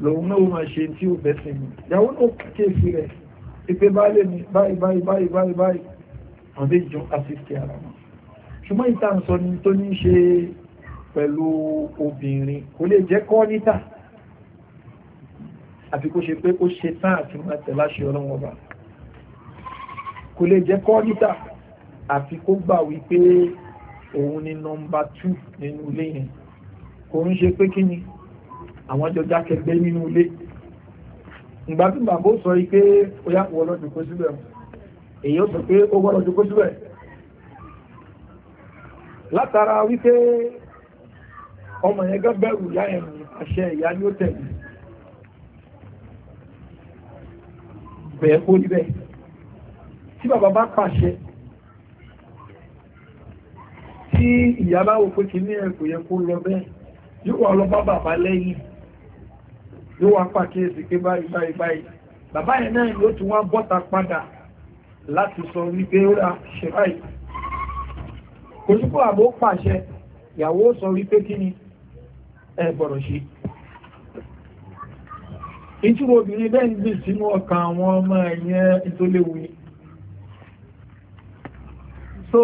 lòun náà máa ṣe tí ó bẹ̀sẹ̀ mi ìyàwó náà kéèsì rẹ̀ ìpé báyìí mi báyìí báyìí báyìí báyìí báyìí wọ́n dé jọ assist ara wọn ṣùgbọ́n ìta ń sọ ni tó ní ṣe pẹ̀lú obìnrin kò lè jẹ́ kọ́ níta àfi kó ṣe pé ó ṣe tán àti máa tẹ̀láṣẹ ọlọ́wọ́ bá kò lè jẹ́ kọ́ níta àfi kó gbà wípé òun ni nọmba tú nínú ilé yẹn kò ń ṣe pé kí ni àwọn jọ jákẹgbẹ́ nínú ilé ìgbà tí bàbá ó sọ yìí pé ó yá wọ lọ́dún kó síbẹ̀ èyí ó sọ pé ó wọ́ lọ́dún kó síbẹ̀ látara wípé ọmọ yẹn gán bẹ̀rù ìyá yẹn àṣẹ ìyá ni ó tẹ̀lé bẹ̀ẹ́ kó níbẹ̀ tí bàbá bá pàṣẹ tí ìyá bá wò pé kí ní ẹ̀ yẹ kó lọ bẹ́ẹ̀ yóò wà bàbá lẹ́yìn yóò wá pàkíyèsí pé báyìí báyìí báyìí bàbá yẹn náà ló ti wá bọ́ta padà láti sọ wípé ó ra ṣẹ̀ráì kò sí pé àbó pàṣẹ ìyàwó sọ wípé kí ni ẹ gbọ́dọ̀ ṣe ìtúrò obìnrin bẹ́ẹ̀ ń gbìn sínú ọkàn àwọn ọmọ ẹ̀yẹn ìtòléwu ni so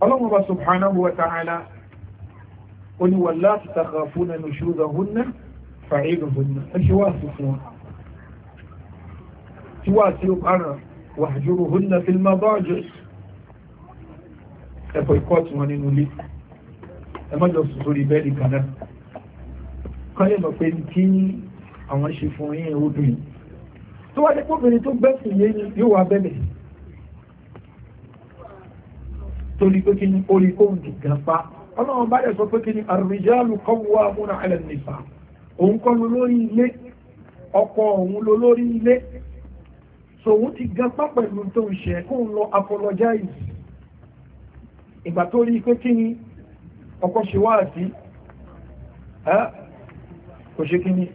ọlọ́run bá subhanahu wa ta'ala ó ní wà láti tàkà fún ẹnu ṣúgbà húnná fàáìlù húnná ẹ ṣe wá sí fún wọn tí wá sí ọ̀pára wàjúrù húnná fi máa bá ọjọ́ ẹ̀kọ́ ikọ́ tí nínú ilé ẹ má jọ bẹ́ẹ̀lì kanáà kọ́lẹ̀ mọ̀ pé kí àwọn ṣe fún yín obìnrin tó wá dé pọ́bìnrin tó gbẹ́sìn yé yóò wá bẹ́ẹ̀ torí pé kí ni orí kó ń gìgàn pa ọlọ́run bá dẹ̀ sọ pé kí ni àrùjálù kọ́wọ́ amúnà alẹ́ nìfà òun kọ́ ló lórí ilé ọkọ òun ló lórí ilé so òun ti gan pa pẹ̀lú tó ń ṣe kó ń lọ apologize ìgbà tó rí pé kí ni ọkọ ṣe wá àti kò ṣe kí ni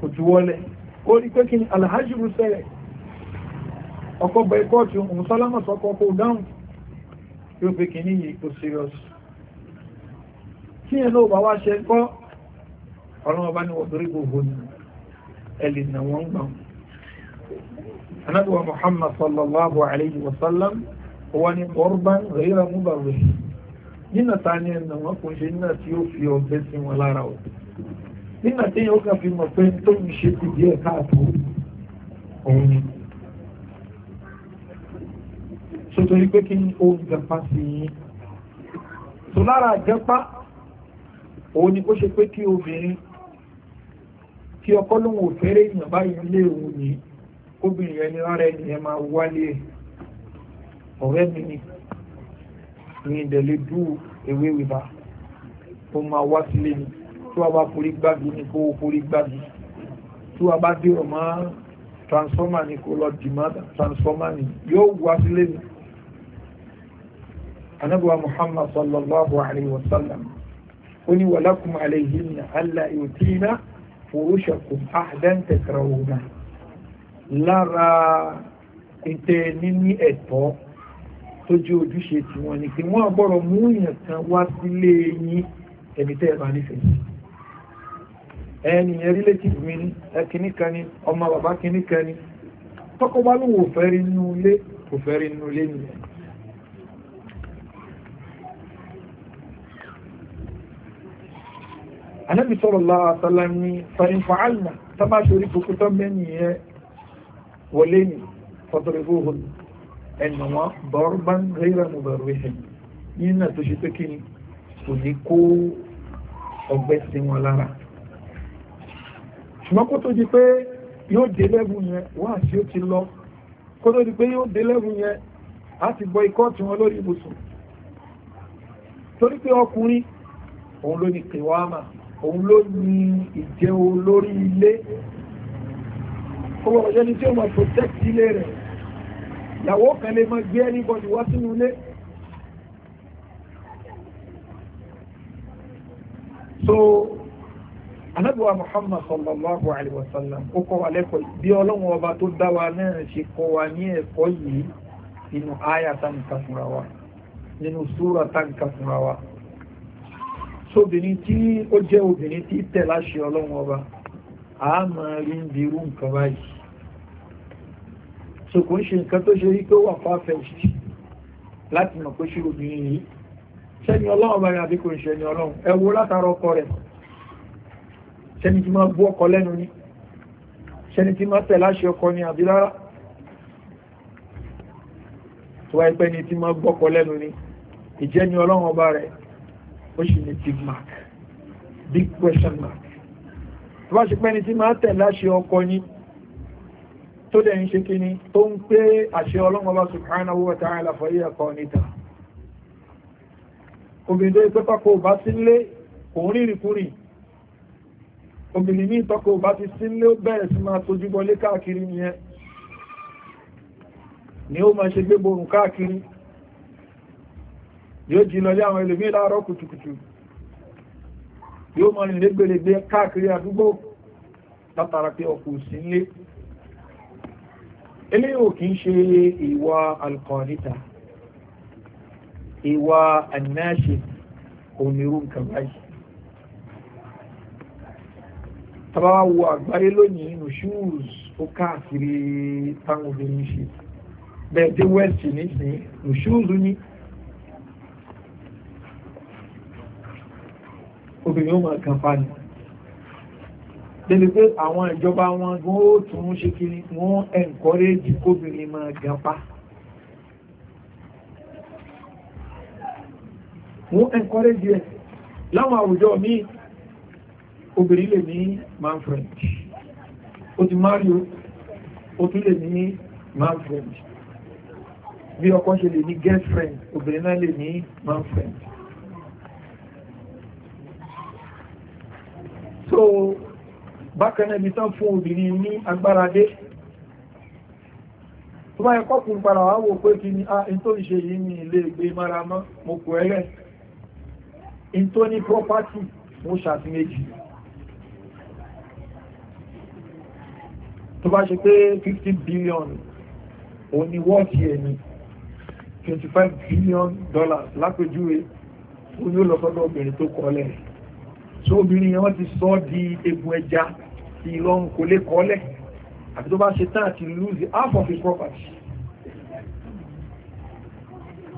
kò ju wọlé ó rí pé kí ni alhaji rusẹ̀ ọkọ bẹ̀ẹ́kọ́ọ̀tù òun sálámà sọkọ kò dáhùn yóò pé kì ní ipò serious tí ẹ ló bá wá ṣe kọ́ ọlọ́wọ́ bá ní wọ́n torí gbogbo ní ẹlì na wọ́n gbà anábíwa Muhammad sallallahu alayhi wa sallam wọ́n ni orban rírà múbàwẹ̀ nínà ta ní ẹ̀nà wọn kò ṣe nínà tí ó fi ọ̀bẹ sí wọn lára ọ̀ nínà tí yóò kà fi mọ̀ pé tó ń ṣe kù díẹ̀ káàtó òun ni so torí pé kí ní ohun jẹpa sí yìí so lára jẹpa òun ni ó ṣe pé kí obìnrin kí ọkọ lóun ò fẹ́rẹ́ èèyàn báyìí lé òun yìí kóbìnrin ẹni lára ẹni ẹ máa wálé ẹ ọ̀rẹ́ mi ni ní ìdẹ̀lẹ̀ dú ewé wìbá ó máa wá sílé ni tí wọ́n bá forí gbági ní kó forí gbági tí wọ́n bá dé ọmọ transformer ni kó lọ dìmọ́ transformer ni yóò wá sílé ni anábíwá muhammad sallallahu alayhi wa sallam ó ní walakum alayhinna alla yutina furushakum ahdan takrahuna lára ìtẹ́ níní ẹ̀tọ́ tó jẹ́ ojúṣe tí wọ́n ní kí wọ́n àbọ̀rọ̀ mú èèyàn kan wá sílé yín ẹni tẹ́ ẹ̀ bá ẹni yẹn relative mi ní ẹkìní kan ní ọmọ bàbá kìní kan ní tọ́kọ bá lóun ò fẹ́ rí inú ilé kò fẹ́ rí inú ilé nìyẹn anábì sallallahu alaihi wasallam ní fàyínfà àìmà tó bá ṣe orí kókó tó mẹ́ni yẹ wọlé ní fọ́tọ̀rẹ́fóhùn ẹnu wọn darban ghayra mubarrihin nínú tó ṣe pé kí ni kò ní kó ọgbẹ́ sí wọn lára ṣùgbọ́n kó tó di pé yóò dé lẹ́bùn yẹn wá sí ó ti lọ kó tó di pé yóò dé lẹ́bùn yẹn á ti bọ ikọ́ tí wọn lórí ibùsùn torí pé ọkùnrin òun ló ní kèwàá máa òun ló ní ìjẹ́ olórí ilé ọmọ ọ̀jẹ́ ni tí ó máa protect ilé rẹ̀ ìyàwó kan lè máa gbé anybody wá sínú ilé so anábíwá Muhammad sallallahu alaihi wasallam ó kọ́ wa lẹ́kọ̀ọ́ bí ọlọ́run ọba tó dá wa náà ṣe kọ́ wa ní ẹ̀kọ́ yìí nínú àyà táǹkà fúnra wa nínú súra táǹkà fúnra wa sóbìnrin tí ó jẹ́ obìnrin tí tẹ̀ láṣẹ ọlọ́run ọba a máa rí ń di irú nǹkan báyìí so kò ń ṣe nǹkan tó ṣe rí pé wà fáfẹ́ẹ̀sì láti mọ̀ pé ṣe obìnrin yìí ṣẹ́ni ọlọ́run bá rí àbí kò ń ṣe ẹni ọlọ́run ẹ wo látara ọkọ rẹ̀ ṣẹ́ni tí máa bú ọkọ lẹ́nu ni ṣẹ́ni tí máa tẹ̀ láṣẹ ọkọ ni àbí rárá tó wáyé pé tí máa gbọ́kọ lẹ́nu ni ìjẹ́ni ọlọ́run ọba rẹ̀ ó sì ní big mark big question mark tó bá ṣe pé ẹni tí máa tẹ̀lé àṣẹ ọkọ yín tó dẹ̀ ń ṣe kíní tó ń pé àṣẹ ọlọ́run ọba subhanahu wa ta'ala fọ́yí ẹ̀kọ́ níta obìnrin tó pé tọ́kọ ò bá sílé kò ń rírì kúrìn obìnrin ní tọ́kọ ò bá ti sílé ó bẹ̀rẹ̀ sí máa tójú bọlé káàkiri nìyẹn ni ó máa ṣe gbéborùn káàkiri yóò jí lọ lé àwọn ẹlòmí láàárọ̀ kùtùkùtù yóò mọ́ nílé gbèrègbè káàkiri àdúgbò látara pé ọkọ̀ sí nílé eléyìí ò kì í ṣe ìwà alkọ̀ọ̀nìta ìwà ànáṣe onírú nǹkan báyìí tàbá wo àgbáyé lónìí nù shoes ó káàkiri táwọn obìnrin ṣe bẹ́ẹ̀ dé west nísìnyí nù shoes ní obìnrin ó máa kàn fani débi pé àwọn ìjọba wọn gan ó tún ṣe kiri wọn ẹnkọrẹ́jì kóbìnrin máa gàpá wọn ẹnkọrẹ́jì ẹ̀ láwọn àwùjọ mi obìnrin lè ní man friend ó ti mario ó tún lè ní man friend bí ọkọ ṣe lè ní girlfriend obìnrin náà lè ní man friend so bákan ẹbí tán fún obìnrin ní agbára dé tó bá ẹkọ́ kún padà wá wò pé kí ni a ah, in tó ìṣe yìí ní ilé ìgbé mara mọ́ mo kò ẹ̀rẹ́ in tó ní property mo ṣàti méjì tó bá ṣe pé 50 billion ò ní wọ́ọ̀tì ẹni 25 billion dollars lápèjúwe ó yóò lọ sọ́dọ̀ obìnrin tó kọ́ lẹ́yìn tí obìnrin yẹn wọ́n ti sọ di egun ẹja ti ìrọ̀rùn kò lè kọ́lẹ̀ àti tó bá ṣe tán àti lose half of his property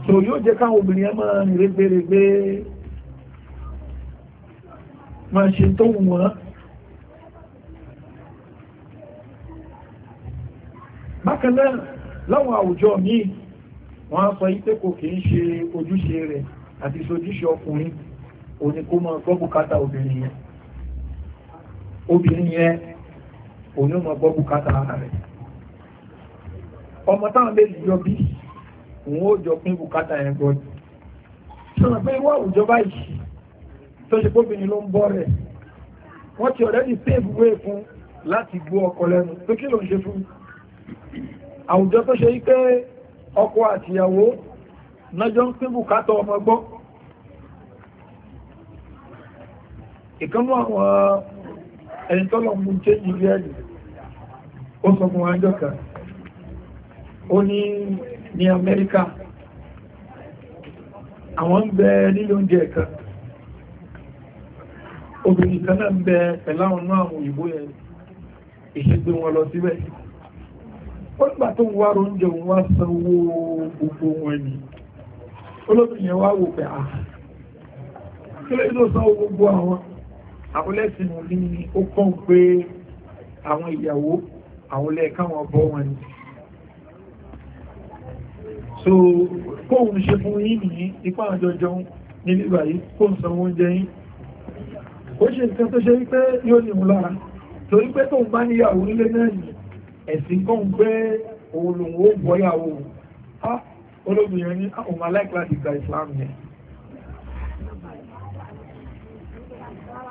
so yóò jẹ́ káwọn obìnrin yẹn máa rìn rẹ́gbẹ́rẹ́gbẹ́ máa ṣe tó wọ́n bákan náà láwọn àwùjọ míì wọ́n á sọ yí pé kò kìí ṣe ojúṣe rẹ̀ àti ìṣojúṣe ọkùnrin òní kó máa gbọ́ bùkátà obìnrin yẹn obìnrin yẹn òní ó máa gbọ́ bùkátà ara rẹ̀ ọmọ táwọn lè yọ bí òun ó jọ pín bùkátà yẹn gbọ́ ni sọ̀rọ̀ pé wá àwùjọ báyìí tó ṣe kóbìnrin ló ń bọ́ rẹ̀ wọ́n ti ọ̀rẹ́ ní pave fún láti gbó ọkọ lẹ́nu pé kí ló ń ṣe fún àwùjọ tó ṣe yí pé ọkọ àtìyàwó nájọ ń pín bùkátà ọmọ gbọ́ ìkánú àwọn ẹni tọ́lọ̀ mú jẹ́ ìrí ẹ̀lì ó sọ fún àjọ kan ó ní ní Amẹ́ríkà àwọn ń bẹ nílò oúnjẹ kan obìnrin kan náà ń bẹ pẹ̀láwọn náà àwọn òyìnbó yẹn ìṣẹ́gbé wọn lọ síbẹ̀ ó nígbà tó ń wá oúnjẹ òun wá gbogbo wọn ni olóbìnrin wá wò pé ah, kí àwọlẹ́sìn ní ó kọ́ pé àwọn ìyàwó àwọlẹ́ káwọn bọ́ wọn ni so kóhun ṣe fún yí nìyí ipá àjọjọ ní bíbà yìí kóhun sanwó oúnjẹ yìí ó ṣe nǹkan tó ṣe wípé yóò ní òun lára torí pé tóun bá níyàwó nílé náà yìí ẹ̀sìn kóhun pé òun lòun ó bọ́yàwó ah, olóbìnrin ní àwọn aláìkíláàdì gba ìsìlámù yẹn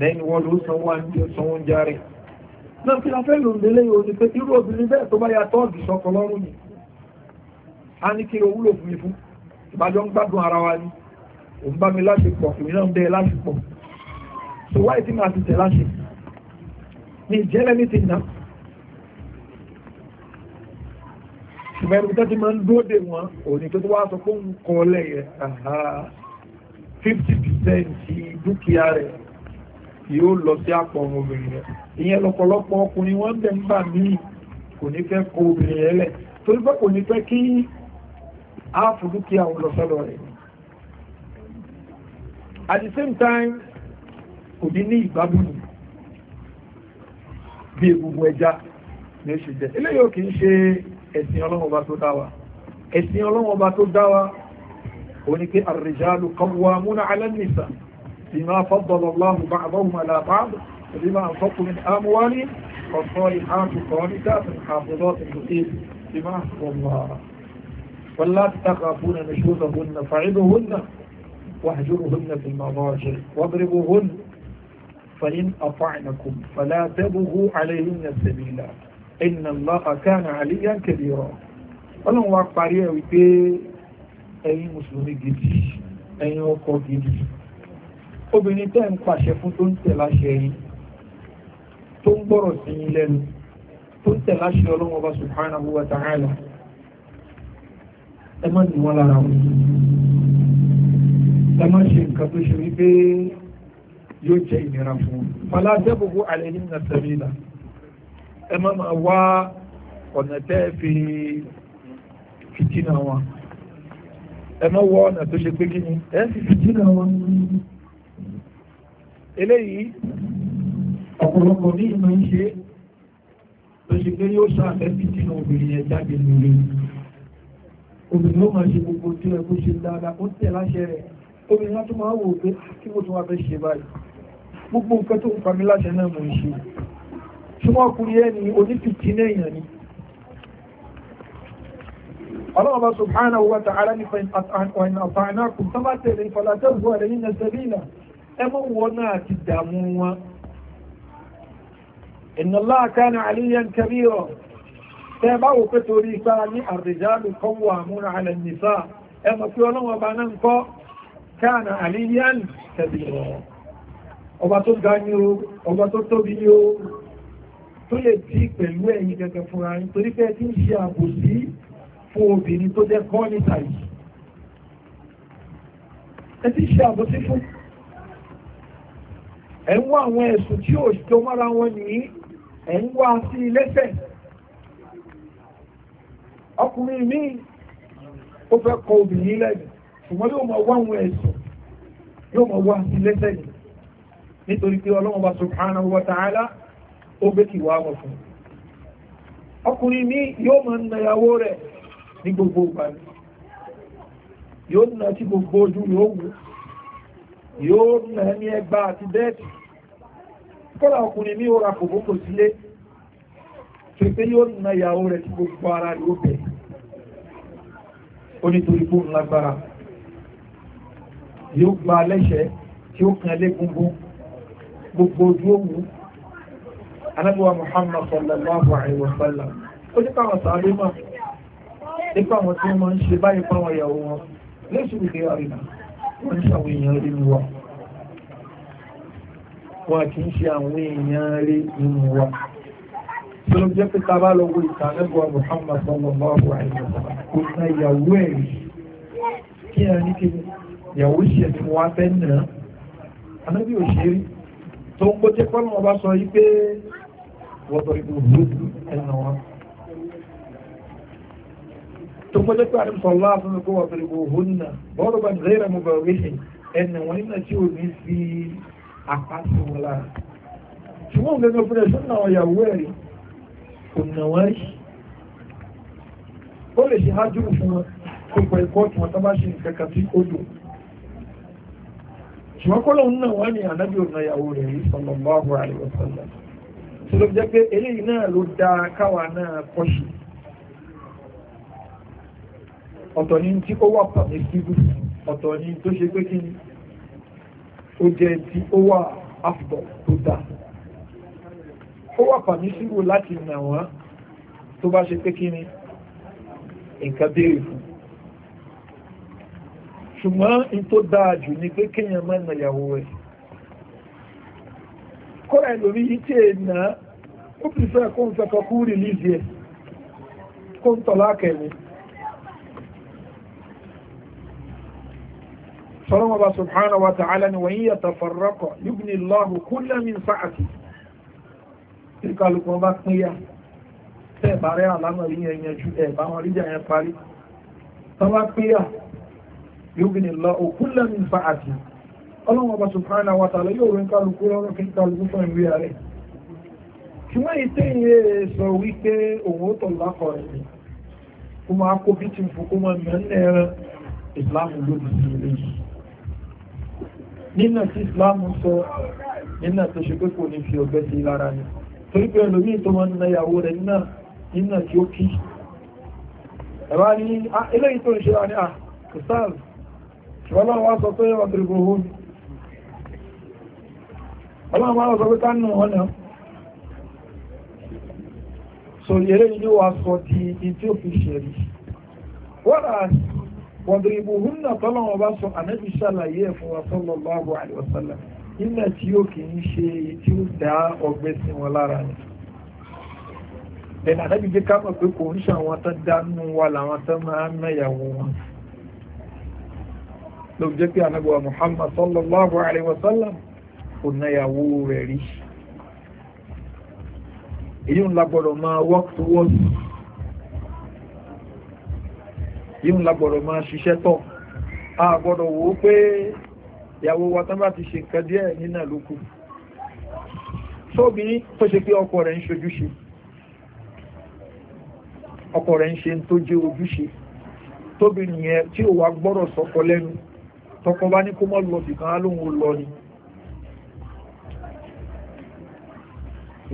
lẹ́yìn wọn ló san wá ní sanwó ń járe náà kí la fẹ́ lò nílé yóò ní pé irú obìnrin bẹ́ẹ̀ tó bá ya tọ́ọ̀gì sọkọ lọ́rùn ni a ní kí ló wúlò fún ìbájọ́ ń gbádùn ara wa ni òun bá mi láṣepọ̀ èmi náà ń bẹ́ẹ̀ láṣepọ̀ so ti fifty percent dúkìá rẹ̀ yóò lọ sí àpò ọmọbìnrin rẹ̀ ìyẹn lọ́pọ̀lọpọ̀ ọkùnrin wọ́n bẹ̀ ń bà míì kò ní fẹ́ kó obìnrin rẹ̀ lẹ̀ torí pé kò ní fẹ́ kí áàfù dúkìá òun lọ sọ́dọ̀ rẹ̀ at the same time kò ní ní ìgbábùnú bí egungun ẹja ní oṣù jẹ eléyìí ò kì í ṣe ẹ̀sìn ọlọ́run ọba tó dá wa ẹ̀sìn ọlọ́run ọba tó dá wa òní pé ar-rijalu qawwamuna 'ala an-nisa' بما فضل الله بعضهم على بعض وبما أنفقوا من أموالهم والصالحات قانتات حافظات تقيم بما أحفظ الله ولا تخافون نشوزهن فعظهن واهجرهن في المضاجع واضربوهن فإن أطعنكم فلا تبغوا عليهن سبيلا إن الله كان عليا كبيرا ọlọ́run wa parí أي wípé ẹ̀yin أي gidi ẹ̀yin obìnrin tẹ́ ń pàṣẹ fún tó ń tẹ̀láṣẹ yìí tó ń gbọ́rọ̀ sí yín lẹ́nu tó ń tẹ̀láṣẹ ọlọ́wọ́ bá subhanahu wa ta'ala ẹ má ní wọn lára wọn ẹ má ṣe nǹkan tó ṣe wípé yóò jẹ́ ìnira fún wọn fàlá tẹ́gbogbo alẹ́ ní nàìjíríà ẹ má máa wá ọ̀nà tẹ́ fi fìtínà wọn ẹ má wọ ọ̀nà tó ṣe pé kí ni ẹ fi fìtínà wọn eléyìí ọ̀pọ̀lọpọ̀ ní ìmọ̀ ń ṣe tó ṣe pé yóò ṣàfẹ́ bí tí obìnrin yẹn jáde nílé obìnrin ó máa ṣe gbogbo tí ẹ kó ṣe dáadáa ó tẹ̀ láṣẹ rẹ̀ obìnrin wá tó máa wò pé ah, kí mo tún wá fẹ́ ṣe báyìí gbogbo nǹkan tó ń pa mí láṣẹ náà mo ń ṣe ṣùgbọ́n ọkùnrin yẹn ni onífìtì náà ni ọlọ́run bá subhanahu wa ta'ala ní fa in àtàkùn tó bá tẹ̀lé ìfọ̀lá tẹ̀lé ìfọ̀lá tẹ̀lé ìfọ̀lá ẹmọ wọn náà ti dààmú wọn innallaha kana aliyan kabira tẹ́ bá wò pé torí ipá ní ar-rijalu qawwamuna 'ala an-nisa ẹmọ pé ọlọ́wọ́ bá náà ń kọ́ kana aliyan kabira ọba tó ga ní o ọba tó tóbi ní o tó lè dí pẹ̀lú ẹ̀yin gẹ́gẹ́ fúnra yín torí pé tí ń ṣe àbòsí fún obìnrin tó jẹ́ kọ́ níta yìí ẹ ti ṣe àbòsí fún ẹ̀ ń àwọn ẹ̀sùn tí ò jọ mọ́ra wọn nìyí ọkùnrin mi ó fẹ́ kọ obìnrin lẹ́yìn ṣùgbọ́n yóò máa wá àwọn ẹ̀sùn yóò máa wá sí lẹ́sẹ̀ yìí nítorí pé ọlọ́run bá subhanahu wa ta'ala ó wọ̀ fún ọkùnrin mi yóò na ìyàwó rẹ̀ ní gbogbo kọ́lá ọkùnrin ní ó ra kòbókò sílé pèpé yóò na ìyàwó rẹ̀ tí gbogbo ara yóò bẹ̀ ó nítorí kó lágbára yóò gba lẹ́sẹ̀ tí ó kan lé gungun gbogbo ojú òwú anábíwá Muhammad sallallahu alaihi wa sallam ó ní káwọn sáré mọ̀ nípa àwọn tí wọ́n ń ṣe báyìí fáwọn ìyàwó wọn lóṣù ìgbéyàwó náà wọ́n ń ṣàwọn èèyàn rí mi wọ́n wọn kì í ṣe àwọn èèyàn rí nínú wa tó ló jẹ́ pé ta bá lọ wo ìta lẹ́gbọ́ Muhammad sallallahu alaihi wasallam kò sa ìyàwó ẹ̀ rí kí ẹ ní kí tó ń pé wọ́pọ̀ ìbò fún mi kó wọ́pọ̀ bọ́ọ̀rọ̀ bá ń rẹ́rẹ̀ mọ́ bẹ̀rẹ̀ ẹ̀nà wọn tí ò ní fi àpáṣẹ wọn lára ṣùgbọ́n òun gẹ́gẹ́ fúnra ṣọ́nà ọ̀yàwó ẹ̀rí kò nà wọ́n rí ó lè ṣe hájúrù fún wọn kó pẹ̀ kóòtù wọn tó bá ṣe nǹkan kan tí ó dùn ṣùgbọ́n kó lóun náà wọ́n ní ànábì òun ìyàwó rẹ̀ rí sallallahu alaihi wasallam tó ló jẹ́ pé eléyìí náà ló dá káwa náà kọ́ṣù ọ̀tọ̀ ni tí ó wà pàmì síbù ọ̀tọ̀ ni tó ṣe pé kí ni ó jẹ́ tí ó wà afdọ̀ tó dá ó wà pàmísíwò láti nà wọ́n tó bá ṣe pé kí ni nǹkan béèrè fún ṣùgbọ́n in tó dáa jù ni pé kéèyàn máa nà ìyàwó rẹ̀ kọ́ra ìlòrí yìí tí èèyàn ó pèsè kóńtọ́kọ́ kú rìlíìsì ẹ̀ kóńtọ́ lákẹ̀ẹ́ sọ́lọ́mọba subhanahu wa ta'ala ni wọ́n yíyà tàfàrọ́kọ̀ yúgbìn lọ́hù kúlẹ̀ mi sáàtì tí kálukú bá pín yá tẹ́ bá rẹ́ àlámọ̀ rí yẹn yẹn ju ẹ̀ bá wọn rí yẹn parí tọ́ bá pín yá yúgbìn lọ́hù kúlẹ̀ mi sáàtì ọlọ́mọba subhanahu wa ta'ala yóò rí kálukú lọ́rọ̀ kí kálukú fún ìwé rẹ̀ kí wọ́n yìí tẹ́yìn sọ wípé òun ó tọ̀ lákọ̀ rẹ̀ ni kó máa kó bí ti fún kó máa mẹ́rin ẹran ìsìláàmù lóbi sí ilé yìí nínà tí islam sọ nínà tó ṣe pé kò ní fi ọgbẹ́ sí lára ni torí pé ẹlòmí tó máa ń na ìyàwó rẹ̀ nínà tí ó kí ẹ̀wá ní ah, eléyìí tó ń ṣe láàrin à kò sáàz ọlọ́run wá sọ pé ọdúnrún so eléyìí ló wá sọ ti tí wọ̀dùrìbùhúnnà tọ́lọ́wọ́ bá sọ ànábì ṣàlàyé ẹ̀ fún wa sallallahu alaihi wasallam nígbà tí yóò kì í ṣe èyí tí ó dá ọgbẹ́ sí wọn lára ni ẹ̀nà ànábì jẹ́ ká mọ̀ pé kò ń ṣe àwọn tán dánú wa làwọn tán máa ń náyàwó wọn ló jẹ́ pé ànábì wa Muhammad sallallahu alaihi wasallam kò náyàwó rẹ̀ rí èyí ń lagbọ́dọ̀ máa work towards yíò lágbọ̀rọ̀ máa ṣiṣẹ́ tọ́ a gbọ́dọ̀ wò ó pé ìyàwó wa tán bá ti ṣe nǹkan díẹ̀ nínà lókù sóbìnrin tó ṣe pé ọkọ rẹ̀ ń ṣojúṣe ọkọ rẹ̀ ń ṣe tó jẹ́ ojúṣe tóbìnrin yẹn tí ò wá gbọ́rọ̀ sọ́kọ lẹ́nu tọkọ bá ní kó mọ́ lọ bìkan á lóun lọ ni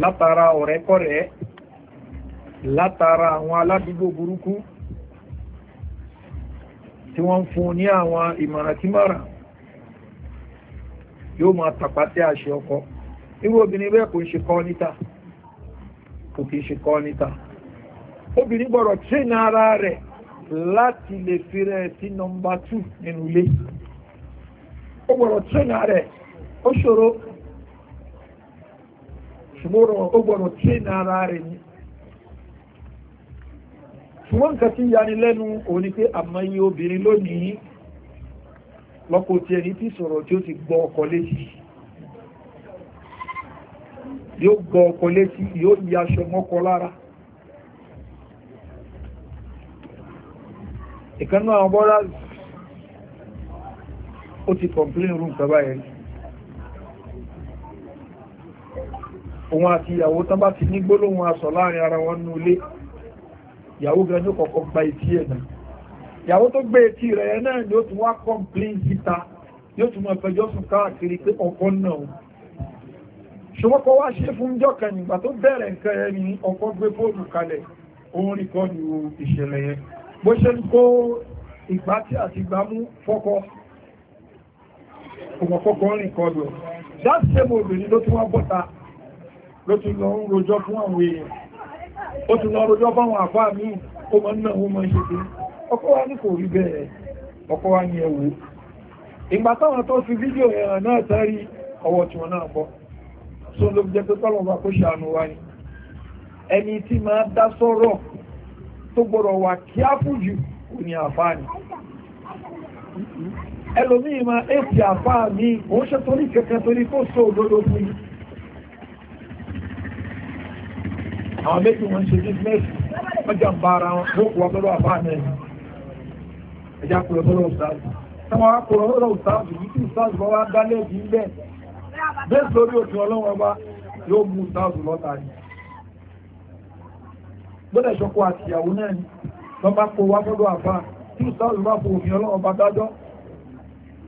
látara ọ̀rẹ́kọ̀rẹ́ látara àwọn aládùúgbò burúkú tí wọ́n ń fún ní àwọn ìmọ̀ràn tí mara yóò máa tàpá tí a ṣe ọkọ irú obìnrin bẹ́ẹ̀ kò ń ṣe kọ́ níta kò kì í ṣe kọ́ níta obìnrin gbọ́dọ̀ train ara rẹ̀ láti lè fi rẹ̀ sí nọmba 2 nínú ilé ó gbọ́dọ̀ train ara rẹ̀ ó ṣòro ṣùgbọ́n ó gbọ́dọ̀ train ara rẹ̀ ni ṣùgbọ́n nǹkan tí yani lẹ́nu òun ni pé àmọ́ iye obìnrin lónìí lọ́kọ̀ tí ẹni tí sọ̀rọ̀ tí ó ti gbọ́ ọkọ létí yóò gbọ́ ọkọ létí yóò yí aṣọ mọ́kọ lára ìkanú àwọn bọ́lá ó ti kọ̀m̀plín rú nǹkan báyẹn òun àti ìyàwó tán bá ti ní gbólóhùn asọ̀ láàrin ara wọn nú ilé ìyàwó gan ní kọ̀kọ́ gba etí ẹ̀ náà ìyàwó tó gbé etí rẹ̀ náà ni ó tún wá complain síta ni ó tún mọ ẹgbẹjọ́ sùn káàkiri pé ọkọ náà ṣùgbọ́n kọ́ wá ṣe fún jọ́ kan nígbà tó bẹ̀rẹ̀ nǹkan ẹ̀ ní ọkọ gbé fóònù kalẹ̀ òun rí kọ́ ní ìṣẹ̀lẹ̀ yẹn bó ṣe ń kó ìgbà tí àti ìgbà mú fọ́kọ́ ọmọkọ́kọ́ rìn kọ́ lọ dáṣẹ́ mọ̀ obìnrin ló tún wá bọ́ta ló tún lọ ń rojọ́ fún àwọn èèyàn ó ti lọ rọjọ́ báwọn àfá mi ó mọ́ náà ó mọ́ ṣe pé ọkọ wa ní kò rí bẹ́ẹ̀ ní ìgbà táwọn tó fi fídíò náà tẹ́rí ọwọ́ tí wọ́n náà bọ́ so ló jẹ́ pé tọ́lọ̀ bá ni ẹni tí máa dá sọ́rọ̀ tó gbọ́dọ̀ wà kí á fún jù kò ní ni ẹlòmíì máa òun ṣe torí so òdodo fún àwọn méjì wọn ṣe bísínẹ́sì ọjà ń bá ara wọn ó kù ọgbọ́dọ̀ àbá náà ẹja kù ọgbọ́dọ̀ ọ̀sáàzù táwọn akù ọgbọ́dọ̀ ọ̀sáàzù yìí tí ọ̀sáàzù bá wá dálé ìdí ń bẹ̀ bẹ́ẹ̀ lórí òfin ọlọ́run ọba yóò mú ọ̀sáàzù lọ́ta ni gbọ́dọ̀ ṣọkọ àti ìyàwó náà ni wọ́n bá kó wá gbọ́dọ̀ àbá tí ọ̀sáàzù bá fò òfin ọlọ́run ọba dájọ́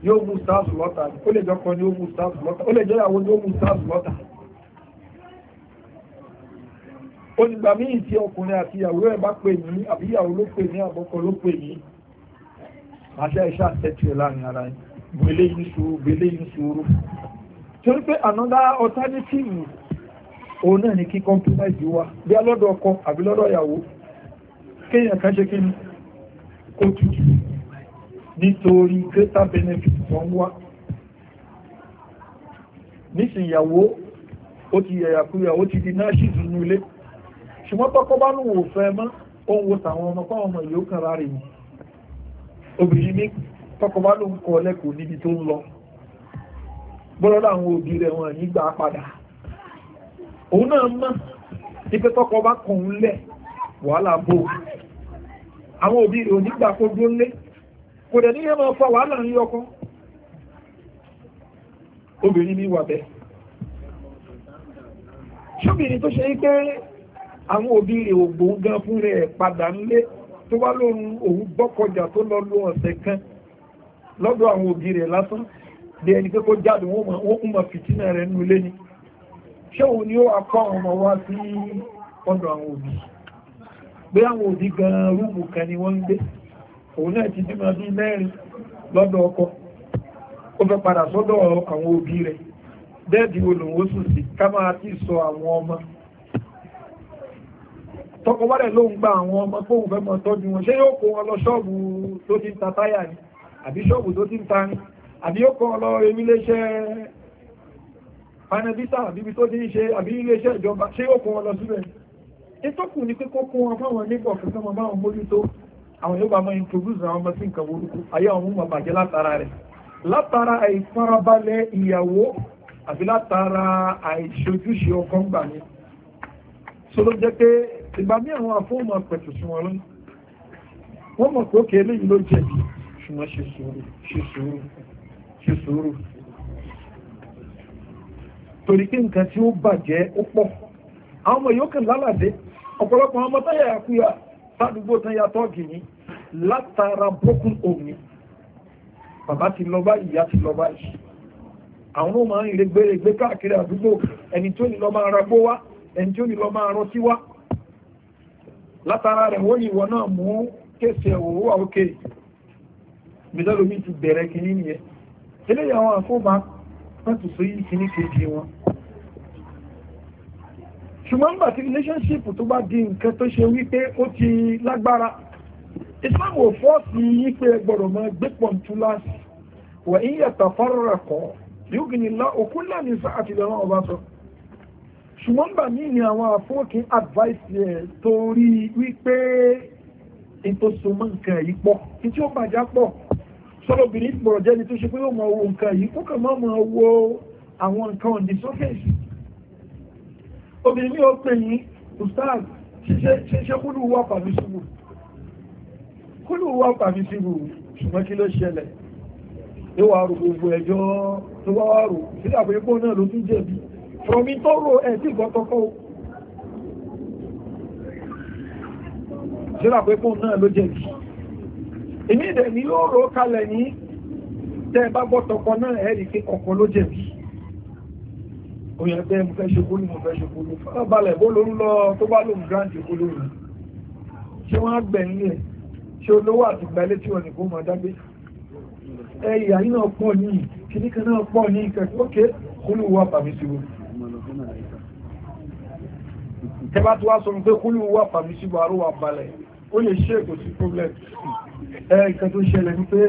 yóò mú ọ̀sáàzù lọ́ta ni ó lè jọkọ ni ó mú ọ̀sáàzù lọ́ta ó lè jẹ́ ìyàwó onígbà míì tí ọkùnrin àti ìyàwó ẹ̀ bá pè ní àbí ìyàwó ló pè ní àbọ́kọ ló pè ní àṣẹ iṣẹ́ àtẹ́tù ẹ̀ láàrin ara ẹ̀ gbélé yín sùúrù gbélé yín sùúrù torí pé another alternative òun náà ni kí compromise wá bí alọ́dọ̀ ọkọ àbí lọ́dọ̀ ìyàwó kéèyàn kan ṣe kí ni kó tutù nítorí greater benefit tó ń wá nísìnyàwó ó ti yẹ̀yàkúyà ó ti di náà ṣì tún nílé ṣùgbọ́n tọ́kọ́ bá nù wò fẹ́ mọ́ òun wo tàwọn ọmọ fáwọn ọmọ yòókù kan rárẹ̀ ni obìnrin ní tọ́kọ́ bá kọ lẹ́kọ̀ọ́ níbi tó ń lọ bọ́lọ́dọ̀ àwọn òbí rẹ̀ wọ́n yìí gbà padà òun náà mọ̀ ipé tọ́kọ bá kàn ń lẹ̀ wàhálà bò àwọn òbí rẹ̀ onígbà kó dún lé kò dẹ̀ àwọn òbí rẹ̀ ògbò ń gan fún rẹ̀ padà ńlé tó wá lóhun òun gbọ́kọjà tó lọ lọ ọ̀sẹ̀ kan lọ́dọ̀ àwọn òbí rẹ̀ lásán bí ẹni pé kó jáde wọ́n kún mọ̀ fìtínà rẹ̀ nù lé ni ṣé òun ni ó wà kọ́ àwọn ọmọ wa sí ọ̀dọ̀ àwọn òbí àwọn òbí gan rúùmù kan ti bímọ ọkọ ó fẹ́ padà sọ́dọ̀ àwọn òbí rẹ̀ olùwòsùn sí sọ àwọn tọkọ wárẹ̀ ló ń gba àwọn ọmọ fóun fẹ́ mọ tọ́jú wọn ṣé yóò kó wọn lọ ṣọ́ọ̀bù tó ti ń ta táyà ni àbí ṣọ́ọ̀bù tó ti ń ta ni àbí yóò kó wọn lọ èmi léṣẹ́ panabisa àbíbi tó ti ń ṣe àbí iléeṣẹ́ ìjọba ṣé yóò kó wọn lọ síbẹ̀ ìtọ́kù ni pé kó kó wọn fáwọn nígbà kankan mọ báwọn mójútó àwọn yóò bá mọ introduce àwọn ọmọ sí nǹkan burúkú ayé àwọn ọmọ bàjẹ́ látara rẹ̀ látara àìfarabalẹ̀ ìyàwó àbí látara àìṣojúṣe ọkàn gbà ní so ló jẹ́ pé ìgbà mí àwọn afọ́ọ̀mù apẹ̀tù sí wọn lọ́nà wọ́n mọ̀ pé ó kéré yìí ló jẹ̀bi ṣùgbọ́n ṣe sùúrù ṣe sùúrù ṣe sùúrù torí pé nǹkan tí ó bàjẹ́ ó pọ̀ àwọn ọmọ yòókè lálàdé ọ̀pọ̀lọpọ̀ àwọn ọmọ táyà àkúyà sádùúgbò tán ya tọ́ọ̀gì ní látara broken omi bàbá ti lọ báyìí ìyá ti lọ báyìí àwọn ọmọ máa ń rẹ gbére gbé káàkiri àdúgbò ẹni tó ní lọ máa ra gbó wá ẹni tó ní lọ máa rọtí wá látara rẹ̀ wọ́n ìwọ náà mú kéèsì ẹ̀wọ̀ wà ókè mìdọ́lómi ti bẹ̀rẹ̀ kìíní nìyẹn eléyìí àwọn àfọ́bà láti sọ kìíní kejì wọn ṣùgbọ́n gbà tí relationship tó bá di nǹkan tó ṣe wípé ó ti lágbára Islam ò fọ́ọ̀sì yí pé gbọ́dọ̀ mọ gbé pọ̀ntúláàsì wà ń yàtọ̀ fọ́rọ̀ rẹ̀ kọ́ yóò gbìyànjú òkú lẹ́nu sáà àti ọba sọ. So ṣùgbọ́n gbà mí ni àwọn àfọ́kín advice yẹn torí wípé ètò súnmọ́ nǹkan yìí pọ̀ títí ó bàjá pọ̀ sọ́lọ́bìnrin ìgbọ̀rọ̀ jẹ́ni tó ṣe pé ó máa wo nǹkan yìí ó kàn máa máa wo àwọn nǹkan on the surface obìnrin mi ò pè yín ustaz ṣe kúlù wà pàmí síbù kúlù wà pàmí síbù ṣùgbọ́n kí ló ṣẹlẹ̀ ló wà rò gbogbo ẹjọ́ tó wá wà rò sílẹ̀ àpéjọpọ̀ náà ló tún jẹ̀bi rọ̀mí tó rò ẹ̀ sí gbọ́tọ́kọ́ ṣílá pé fún náà ló jẹ́ ìní ìdẹ̀ ni ó rò kalẹ̀ ní tẹ́ bá gbọ́tọ̀kọ́ náà ẹ̀rì pé ọ̀pọ̀ ló jẹ́ bí òyìn ẹgbẹ́ mo fẹ́ ṣe kó ní mo fẹ́ ṣe kó ní fọ́nàbalẹ̀ bó ló ń lọ tó bá lòun gíráǹdì pọ̀ ní kìnnìkan náà pọ̀ ní ìkẹ́kọ̀ọ́kẹ́ kó ló wà pàmí tẹ́bá tó wá sọ pé kúlù wà pàmí sí bàárù wà balẹ̀ ó lè ṣe kò sí problem ẹ nǹkan tó ṣẹlẹ̀ ní pé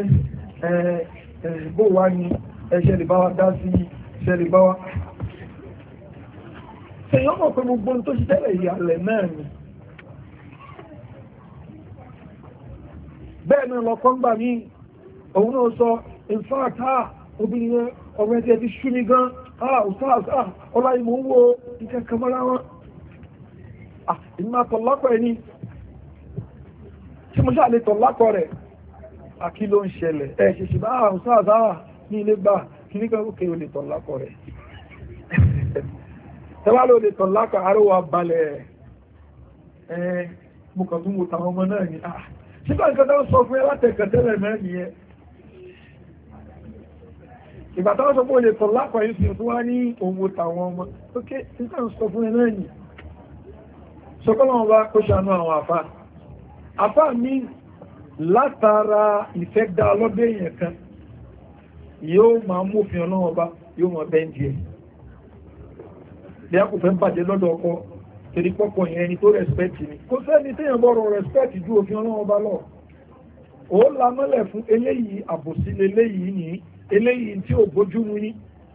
bó wá ní ẹṣẹ́ lè bá wa dá sí ṣe lè bá wa ṣe yọ́mọ̀ pé gbogbo tó ṣiṣẹ́lẹ̀ ìyàlẹ̀ náà ni bẹ́ẹ̀ náà lọ́kọ́ ń gbà mí òun náà sọ in fact ha obìnrin ọmọ ẹgbẹ́ ti ṣú mi gan ah ustaz ah ọláyé mò ń wo nǹkan kan mọ́ra ah èmi máa tọ̀ lápọ̀ ẹ̀ ní tí mo ṣáà lè tọ̀ lápọ̀ rẹ̀ àkí ló ń ṣẹlẹ̀ ẹ̀ bá ah ustaz ah ní ilé gbà kí ní kan òkè o lè tọ̀ lápọ̀ rẹ̀ tẹ́wàá ló lè tọ̀ lápọ̀ àárọ̀ wa balẹ̀ ẹ̀ mo kàn tún mo tàwọn ọmọ náà ah, ní ah ṣígbà nǹkan tó ń sọ fún ìgbà táwọn sọ pé o lè tọ̀ lápá yìí sìn tó wá ní òwò tàwọn ọmọ ok nígbà ń sọ fún ẹ náà nì sọkọ́lọ́ wọn bá kó ṣàánú àwọn àfa àfa mi látara ìfẹ́ dá ọlọ́dẹ yẹn kan yóò máa mófin ọlọ́wọ́n bá yóò máa bẹ́ǹdì ẹ̀ bí a kò fẹ́ bàjẹ́ lọ́dọ̀ ọkọ torí pọ́pọ̀ yẹn ẹni tó rẹ̀spẹ́tì ni kò sẹ́ni téèyàn bọ́rọ̀ rẹ̀spẹ́tì ju òfin ọlọ́wọ́n bá lọ ó la fún eléyìí àbòsí leléyìí nìyí eléyìí tí ò bójú mu ní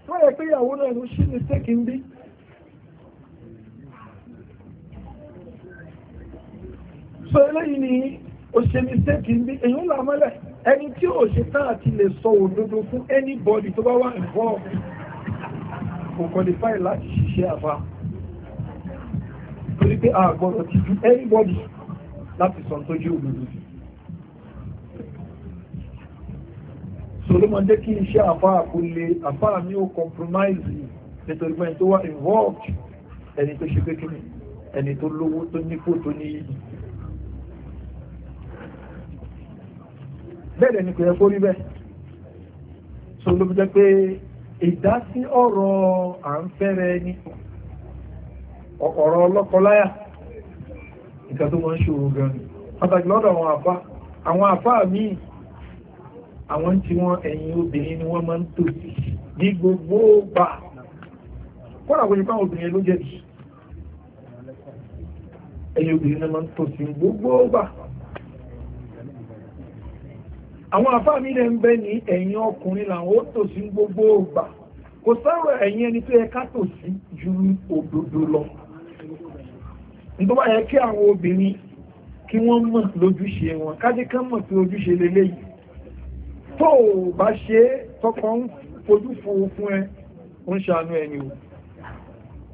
wọ́n yẹ pé ìyàwó náà ló ṣí mistake ń bí. so eléyìí ni ó ṣe mistake ń bí èyí ń là mọ́lẹ̀ ẹni tí ò ṣe tán àti lè sọ òdodo fún anybody tó bá wà involved kò qualify láti ṣiṣẹ́ àbá torí pé a ti ju anybody láti sọ tó jẹ́ òdodo. solomode kí iṣẹ́ àfáà kò lè àfáà ní ó compromise nítorí pé ẹni tó wà involved ẹni tó ṣe pé kí ni ẹni tó lówó tó nípò tó ní yìí bẹ́ẹ̀ ni kò yẹ kó rí bẹ́ẹ̀ so ló jẹ́ pé ìdásí ọ̀rọ̀ à ń fẹ́rẹ̀ ní ọ̀rọ̀ ọlọ́kọláyà nǹkan tó wọ́n ń ṣòro gan-an pàtàkì lọ́dọ̀ àwọn àfá àwọn àfá míì àwọn tí wọ́n ẹ̀yìn obìnrin ni wọ́n máa ń tò sí ní gbogbo gbà kọ́nà kò ní fáwọn obìnrin ló jẹ́ jù ẹ̀yìn obìnrin ni máa ń tò sí gbogbo gbà àwọn àfáà mi lè ń bẹ ní ẹ̀yìn ọkùnrin làwọn ó tò sí gbogbo gbà kò sọ̀rọ̀ ẹ̀yìn ẹni tó yẹ ká tò sí ju òdodo lọ nítorí wáyé kí àwọn obìnrin kí wọ́n mọ̀ lójúṣe wọn kájí kan mọ̀ sí ojúṣe lélẹ́yìí tó o bá ṣe tọ́kọ ń fojú fún fún ẹ ń ṣàánú ẹni o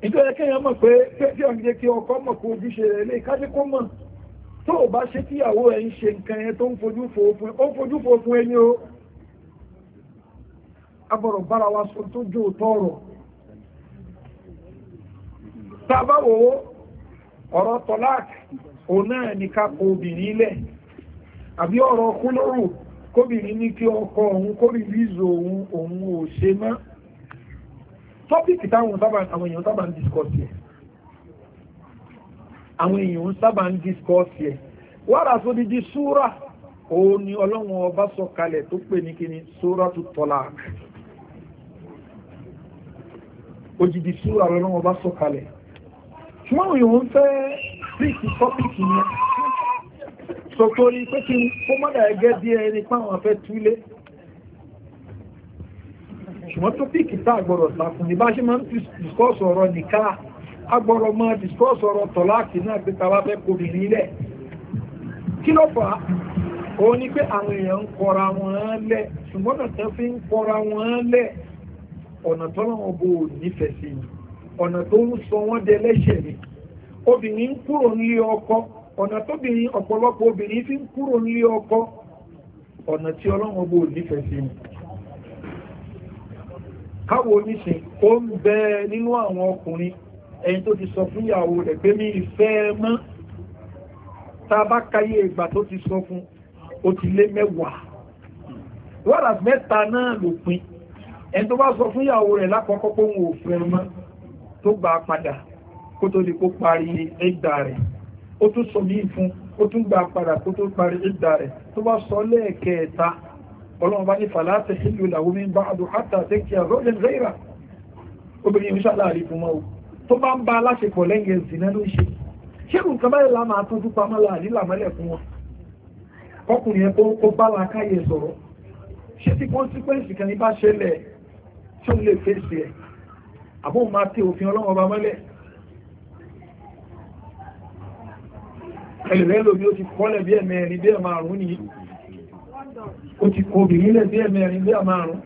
nítorí ẹkẹ́ yẹn mọ̀ pé pẹ́ẹ́tì ọ̀gbẹ́ kí ọkọ mọ̀ kó ṣe rẹ̀ lé kájí kó mọ̀ tó bá ṣe tíyàwó ẹ̀ ń ṣe nǹkan yẹn tó ń fojú fún fún ẹni o abọ̀rọ̀ bára wa sọ tó jò ọ̀rọ̀ tọ́láàkì òun náà ní ká kó obìnrin lẹ̀ àbí ọ̀rọ̀ kóbìnrin ní kí ọkọ òun kórí rízo òun òun ò ṣe mọ́ tọ́pìkì táwọn àwọn èèyàn sábà ń discuss yẹ àwọn èèyàn sábà ń discuss yẹ wàrà tó di di súra òun ni ọlọ́run ọba sọ kalẹ̀ tó pè ní kíni súra tó tọ́lá òjìdí súra ọlọ́run ọba sọ kalẹ̀ ṣùgbọ́n àwọn èèyàn ń tọ́pìkì yẹn so torí pé kí ó mọ́dà ẹgẹ́ bí ẹni páwọn fẹ́ túlé ṣùgbọ́n tópíkì tá àgbọ̀rọ̀ sàkùn ní bá ṣe máa ń discourse ọ̀rọ̀ nìka agbọ̀rọ̀ máa discourse ọ̀rọ̀ tọ̀láàkì náà pé tàbá fẹ́ kò rìn nílẹ̀ kí ló fà á òun ni pé àwọn èèyàn ń kọra wọn lẹ̀ ṣùgbọ́n náà tán fi ń kọra wọn lẹ̀ ọ̀nà tọ́lọ́wọ́n bò nífẹ̀ẹ́ sí ọ̀nà tó ń sọ wọ́n dẹ lẹ́ṣẹ̀ ni obìnrin kúrò nílé ọkọ ọ̀nà tóbìnrin ọ̀pọ̀lọpọ̀ obìnrin fi ń kúrò nílé ọkọ ọ̀nà tí ọlọ́run ọbọ̀ nífẹ̀ẹ́ sí ni káwo oníṣin ó ń bẹ nínú àwọn ọkùnrin ẹni tó ti sọ fún ìyàwó rẹ̀ pé mi ìfẹ́ mọ́ tá a bá káyé ìgbà tó ti sọ fún ó ti lé mẹ́wàá wọ́n mẹ́ta náà ló pin ẹni tó bá sọ fún ìyàwó rẹ̀ lákọ̀ọ́kọ́ pé òun ò fẹ́ mọ́ tó gbà padà kó tó lè kó parí ẹgbà rẹ̀ ó tún sọ mí fún ó tún gba padà kó tó parí ìdá rẹ̀ tó bá sọ lẹ́ẹ̀kẹta ọlọ́run bá ní fàlàtẹ̀ sílù làwọn mi bá àdùn hátà tẹ́kì àrọ́lẹ̀ rẹ́ìrà obìnrin yìí ṣàlàyé fún wọn o tó bá ń bá aláṣepọ̀ lẹ́yìn ẹ̀sìn náà ló ṣe ṣé nǹkan báyìí la máa tún fúnpamọ́ láàrin làmọ́lẹ̀ fún wọn ọkùnrin yẹn kó bá la káyè sọ̀rọ̀ ṣé tí consequence kan ní bá ṣẹlẹ̀ tí ó lè fèsì ẹ̀ àbóhùn máa tẹ òfin ọlọ́run ọba mọ́lẹ̀ ẹlùmẹ́ lómi ó ti kọ́lẹ̀ bí ẹ̀mẹ́rin bí ẹ̀márùn ní ó ti kó obìnrinlẹ̀ bí ẹ̀mẹ́rin bí ẹ̀márùn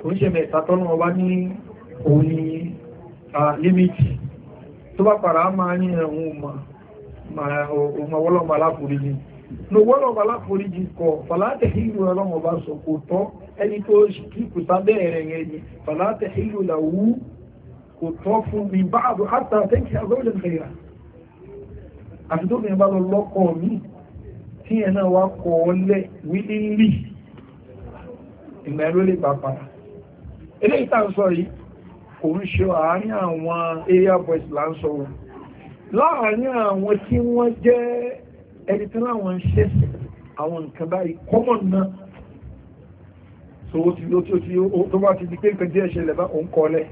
kò ń ṣe mẹ́ta tọ́nà ọba ní òun ní límìtì tó bá pàrà á máa ní ẹ̀hún ọmọ wọ́lọ́mọ aláforíjì ní wọ́lọ́mọ aláforíjì kọ fàlátẹ̀ ọlọ́mọ bá ni fàlátẹ̀ hìlú làwú kò tọ́ àti tó bìnrin bá lọ lọ́kọ mi tí ẹ̀ náà wá kọ́ ọ lẹ̀ wílílì ìgbà ẹ̀rọ lè gbà padà eléyìí tá ń sọ yìí kò ń ṣe àárín àwọn area boys là ń sọ wọn láàárín àwọn tí wọ́n jẹ́ ẹni tí láwọn ń ṣe àwọn nǹkan báyìí common náà so ó ti ló tí ó ti tó bá ti di pé nǹkan díẹ̀ ṣẹlẹ̀ bá òun kọ́lẹ̀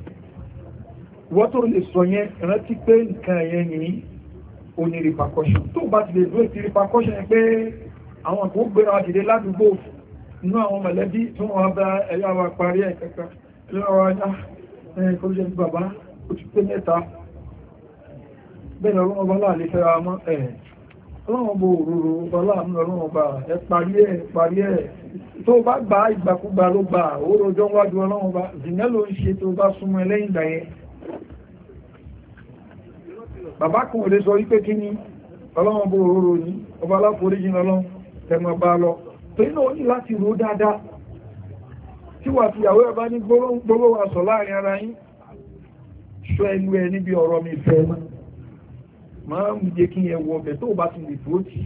wọ́n tó lè sọ yẹn rántí pé nǹkan yẹn nìyí ó ní repercussion tó bá ti lè dúró sí repercussion pé àwọn kò gbéra dìde ládùúgbò inú àwọn mọ̀lẹ́bí tó wọ́n bá ẹ̀yà wa parí ẹ̀ kẹ́kẹ́ ẹ̀yà wa yá ẹ̀kọ́ jẹ́ ní ah, bàbá ó ti pé mẹ́ta bẹ́ẹ̀ ọlọ́run ọba láàlẹ́ fẹ́ra mọ́ ẹ̀ ọlọ́run ọba òróró ọba láàmú ọlọ́run ọba ẹ parí ẹ̀ parí ẹ̀ tó bá gba ìgbàkúgbà ló gba òórojọ́ wájú ọlọ́run ọba zìnẹ́ ló ń ṣe tó bá súnmọ́ ẹlẹ́yìn ìgbà yẹn bàbá kan ò lè sọ wípé kí ni ọlọ́wọ́n bó róró ní ọba aláforíjì ọlọ́run tẹ̀mọ̀ bá lọ torí náà ó ní láti rò dáadáa tí wà fi àwẹ́ ọba ní gbogbo wa sọ láàrin ara yín ṣọ́ ẹnu ẹ níbi ọ̀rọ̀ mi fẹ́ mọ́ máa ń jẹ́ kí ẹ wọ ọbẹ̀ tó bá ti lè tó tì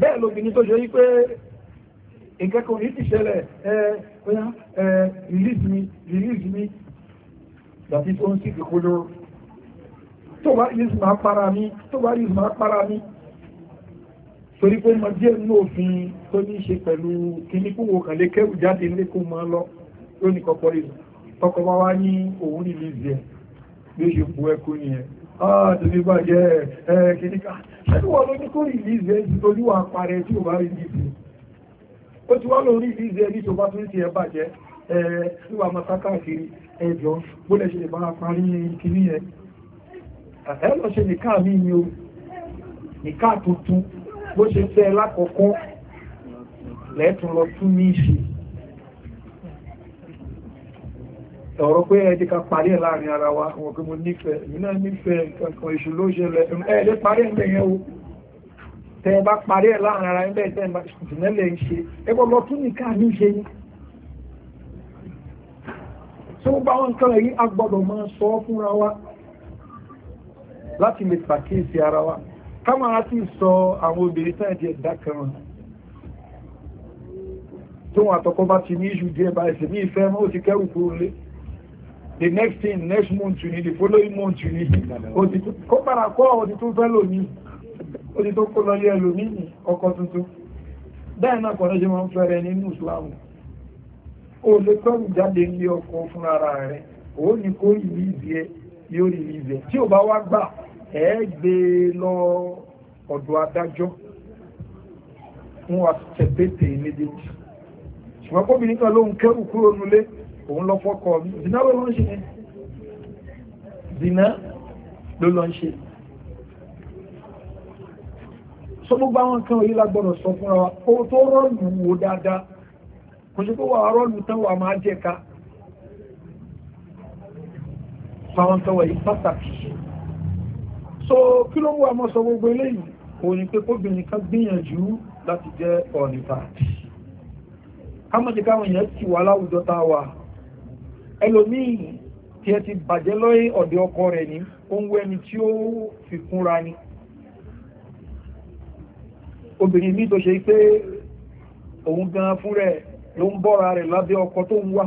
bẹ́ẹ̀ lóbìnrin tó ṣe yí pé ìkẹ́kọ̀ọ́ yìí ti ṣẹlẹ̀ ẹ ẹ release me release me that is only the color tó bá rí ìsìn máa para mi tó bá rí ìsìn máa para mi torí pé mo díẹ̀ nínú òfin tó ní ṣe pẹ̀lú kíní kó wo kàn lè kẹ́rù jáde lé kó máa lọ lónìí kọ́kọ́ rí tọkọ̀ bá wá ní òun rí mi zẹ̀ bí ó ṣe bu ẹkún nìyẹn àtìlú ah, bá jẹ́ ẹ̀ẹ́kìníkà ṣẹ́lúwà lóní kó rìlíìsì ẹ̀sì olúwà parẹ́ tí ó bá rìlíìsì ó ti wá lọ rìlíìsì ẹni tó bá tún ti ẹ bàjẹ́ ẹ̀ẹ́ ẹ lọ ṣe nìkan mi ni o nìkan tuntun bó ṣe fẹ́ lákọ̀ọ́kọ́ lẹ́ẹ̀tún lọ tún ní ìṣe ọ̀rọ̀ pé ẹ̀dí ká parí ẹ̀ láàrin ara wa wọ́n pé mo nífẹ̀ẹ́ ìmìnà nífẹ̀ẹ́ kankan èṣù ló ṣẹlẹ̀ ẹ̀ẹ́dẹ́ parí ẹ̀mẹ́ yẹn o tẹ́ bá parí ṣe ẹgbọ́n lọ tún bá wọn kan yìí a máa sọ fúnra wa láti lè pàkíyèsí ara wa ká máa ti sọ àwọn obìnrin tán ẹ̀dí ẹ̀dá kan tó wọn àtọkọ bá ti ní ìṣù díẹ̀ báyìí sí ní ìfẹ́ mọ́ ó ti kẹ́rù kúrò lé the next thing next month ni the following month ni kó padà kọ́ ọ̀ ti tún fẹ́ lòmíì ó ti tó kó lọ yẹ lòmíì ọkọ tuntun bẹ́ẹ̀ náà kọ̀ọ̀lẹ́ ṣe máa ń fẹ́rẹ̀ nínú Islam o lè tọ́rù jáde ní ọkọ̀ fúnra rẹ̀ òun ni kó ìlú ìdí yóò rí ibẹ̀ tí ò bá wá gbà ẹ gbé lọ ọ̀dọ̀ adájọ́ fún àtẹ̀pẹ̀tẹ̀ immediate ṣùgbọ́n kóbìnrin kan ló ń kúrò nulé òun lọ fọ́kọ mi zina ló lọ ń ṣe zina ló lọ ń ṣe so gbogbo àwọn kan yìí lágbọ́dọ̀ sọ fúnra wa kó tó rọ́ọ̀lù wo dáadáa kò ṣe pé wà á rọ́ọ̀lù tán wà máa jẹ́ ká fáwọn tọwọ́ yìí pàtàkì so kí ló mú àmọ́ sọ gbogbo eléyìí òun ni pé kóbìnrin kan gbìyànjú láti jẹ́ ọ̀nìfà ká mọ̀ jẹ́ káwọn èèyàn ti wà láwùjọ tá wà ẹlòmíì tí ẹ ti bàjẹ́ lọ́yìn ọ̀dẹ̀ ọkọ rẹ̀ ní oúnwẹ́ ẹni tí ó fi kúnra ni obìnrin mi tó ṣe pé òun gan fún rẹ̀ ló ń bọ́ra rẹ̀ lábẹ́ ọkọ tó ń wá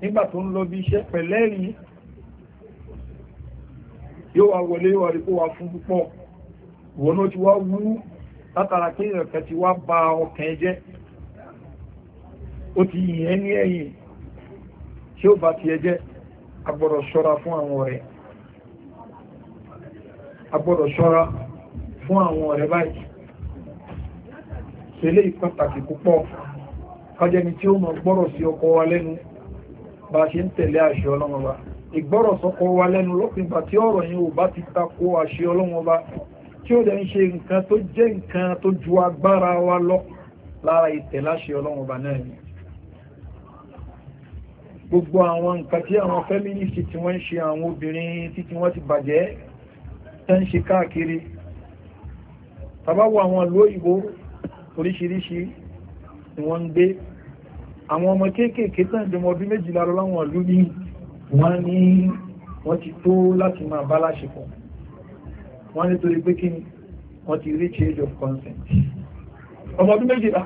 nígbà tó ń lọ bí iṣẹ́ pẹ̀lẹ́rìí yóò wá wọlé wà rí kó wá fún púpọ̀ wọ́n ó ti wá wú látara kí ìrẹ̀kẹ́ ti wá ba ọkàn jẹ́ ó ti yìn ẹ́ ní ẹ̀yìn tí ó bá ti ẹjẹ́ agbọ́dọ̀ ṣọ́ra fún àwọn ọ̀rẹ́ agbọ́dọ̀ ṣọ́ra fún àwọn ọ̀rẹ́ báyìí ṣe lè pàtàkì púpọ̀ kájẹni tí ó mọ̀ gbọ́rọ̀ sí ọkọ wa lẹ́nu bá ṣe ń tẹ̀lé àṣẹ ọlọ́run ọba ìgbọ́rọ̀ sọ́kọ wa lẹ́nu lópinpá tí ọ̀rọ̀ yẹn ò bá ti tako àṣẹ ọlọ́run ọba tí ó dẹ̀ ń ṣe nǹkan tó jẹ́ nǹkan tó ju agbára wa lọ lára ìtẹ̀láṣẹ ọlọ́run ọba náà ni gbogbo àwọn nǹkan tí àwọn fẹ́mínísì tí wọ́n ń ṣe àwọn obìnrin títí wọ́n ti bàjẹ́ tẹ́ ń ṣe káàkiri tàbáwọ̀ àwọn ìlú òyìnbó oríṣiríṣi ni wọ́n ń gbé àwọn ọmọ kéékèèké tán ìdọmọ ọdún méjìlá lọ láwọn ìlú ní wọ́n ní wọ́n ti tó láti máa bá láṣepọ̀ wọ́n nítorí pé kí wọ́n ti reach age of consent ọmọ ọdún méjìlá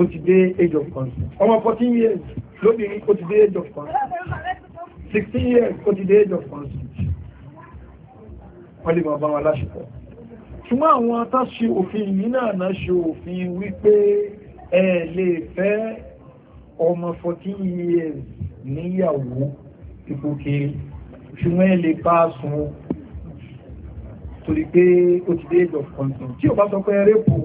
ó ti dé age of consent ọmọ 14 years lóbìnrin ó ti dé age of consent 16 years ó ti dé age of consent wọ́n lè máa bá wọn láṣepọ̀ ṣùgbọ́n àwọn atáṣe òfin yìí náà náà ṣe òfin wípé ẹ lè fẹ́ ọmọ 14 years níyàwó ipò kiri ṣùgbọ́n ẹ lè bá a sùn torí pé ó ti dé age of consent tí o bá sọ pé rẹ́pù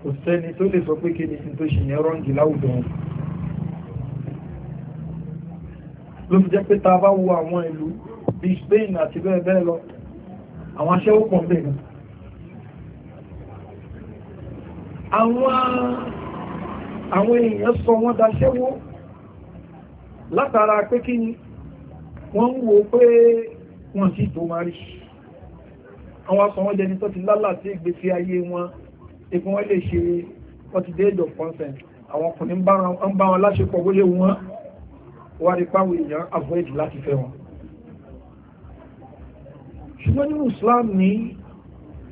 kò sẹ́ni tó lè sọ pé kí ni tó ṣe yẹn rọ́ǹgì láwùjọ wọn ló fi jẹ́ pé ta bá wo àwọn ìlú bíi Spain àti bẹ́ẹ̀ bẹ́ẹ̀ lọ àwọn aṣẹ́wó pọ̀ bẹ́ẹ̀ àwọn èèyàn sọ wọ́n daṣẹ́wó látara pé kí wọ́n ń wo pé wọ́n ti tó wárí àwọn asọ wọ́n jẹni tó ti lálà sí ìgbésí ayé wọn ikú wọ́n lè ṣe wọ́n ti déèdò consent àwọn ọkùnrin ń bá wọn láṣepọ̀ bóyé wọn wà rí páwọ èèyàn avoid láti fẹ́ wọn ṣùgbọ́n nínú Islam ní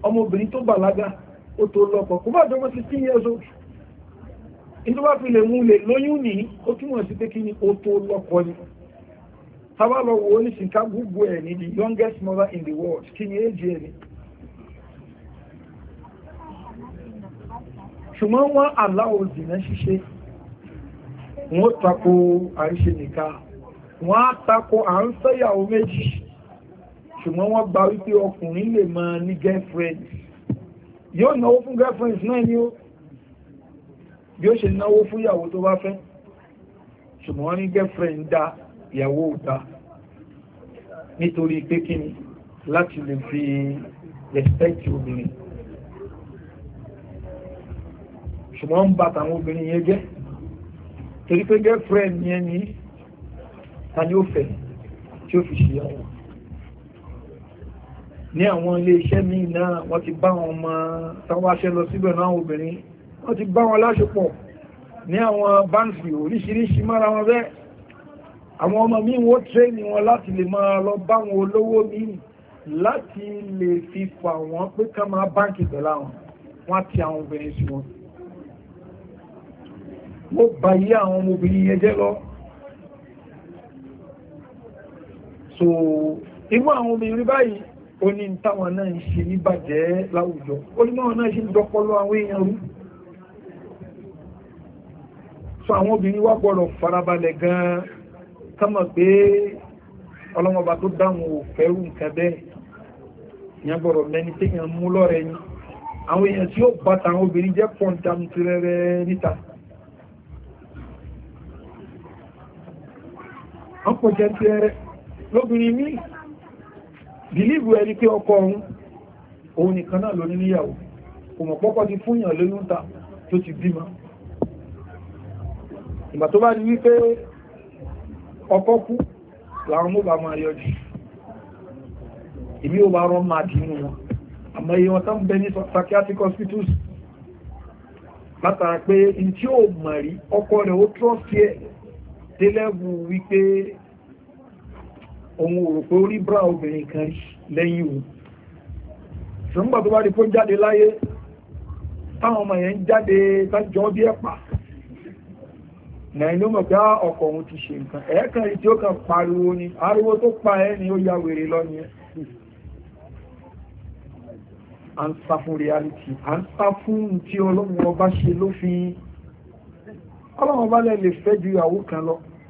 ọmọbìnrin tó bàlágà ó tó lọ́kọ̀ kò bá dọ́gbọ́ sí sí years old inú bá fi lè mú lè lóyún ní ó túmọ̀ sí pé kí ni ó tó lọ́kọ̀ ni tábà lọ wo ní ṣìkà gbogbo ẹ̀ ní the youngest mother in the world kí ni éjì ẹ̀ ni ṣùgbọ́n wọ́n aláwọ̀ dìnà ṣíṣe wọ́n tako àríṣe nìka wọ́n á tako à ń fẹ́yàwó méjì ṣùgbọ́n wọ́n gba wípé ọkùnrin lè máa ní girlfriend yóò náwó fún girlfriend náà ni ó bí ó ṣe náwó fún ìyàwó tó bá fẹ́ ṣùgbọ́n wọ́n ní girlfriend dá ìyàwó dá nítorí pé kí ni láti lè fi respect obìnrin ṣùgbọ́n ń bàtà àwọn obìnrin yẹn jẹ́ torí pé girlfriend yẹn ni ta ni ó fẹ́ tí ó fi ṣe àwọn ní àwọn ilé iṣẹ́ míì náà wọ́n ti bá wọn ọmọ táwọn aṣẹ́ lọ síbẹ̀ náà obìnrin wọ́n ti bá wọn láṣepọ̀ ní àwọn báńkì oríṣiríṣi mára wọn bẹ́ẹ̀ àwọn ọmọ míì wọ́n tréní wọn láti lè máa lọ bá wọn olówó míì láti lè fi fà wọ́n pé ká máa báńkì pẹ̀lú àwọn wọ́n ti àwọn obìnrin sí wọn mo bá yí àwọn ọmọbìnrin yẹn jẹ́ lọ so imú àwọn obìnrin báyìí ó ní táwọn náà ń ṣe níbàjẹ́ láwùjọ ó ní táwọn náà ṣe ń dọ́pọ́lọ àwọn èèyàn rú so àwọn obìnrin wá gbọ́dọ̀ farabalẹ̀ gan-an kámọ̀ pé ọlọ́mọba tó dáhùn ò fẹ́rù nǹkan bẹ́ẹ̀ ìyẹn gbọ́dọ̀ mẹ́ni tí èèyàn mú lọ́rẹ̀ yín àwọn èèyàn tí ó bá tàwọn obìnrin jẹ́ pọ̀ntàmùtìrẹrẹ níta wọ́n pọ̀ jẹ́ tìrẹrẹ lóbìnrin míì bìlíìfù ẹni pé ọkọ ọ̀hún òun nìkan náà lóní níyàwó kò mọ̀ pọ́pọ́ ti fúnyàn lóyún ta tó ti bímọ ìgbà tó bá di wípé ọkọ kú làwọn mú bá máa yọjú èmi ò bá rán máa dì wọn àmọ́ iye wọn tán bẹ ní psychiatric hospitals látara pé in tí ó mọ̀ rí rẹ̀ ó trọ́ọ̀sì ẹ̀ délẹ́bù wípé òun ò rò pé orí bra obìnrin kan lẹ́yìn òun ṣùgbọ́n tó bá di fún jáde láyé táwọn ọmọ yẹn ń jáde tájọ́ bí ẹ̀pà nàìjíríà mọ̀ pé ah, ọkọ̀ òun ti ṣe nǹkan ẹ̀ẹ́kan rí tí ó kàn pariwo ni ariwo tó pa ẹ́ ni ó ya wèrè lọ ni ẹ́ à ń sá fún reality à ń sá fún tí ọlọ́run ọba ṣe lófin ọlọ́run ọba lẹ́ lè fẹ́ ju ìyàwó kan lọ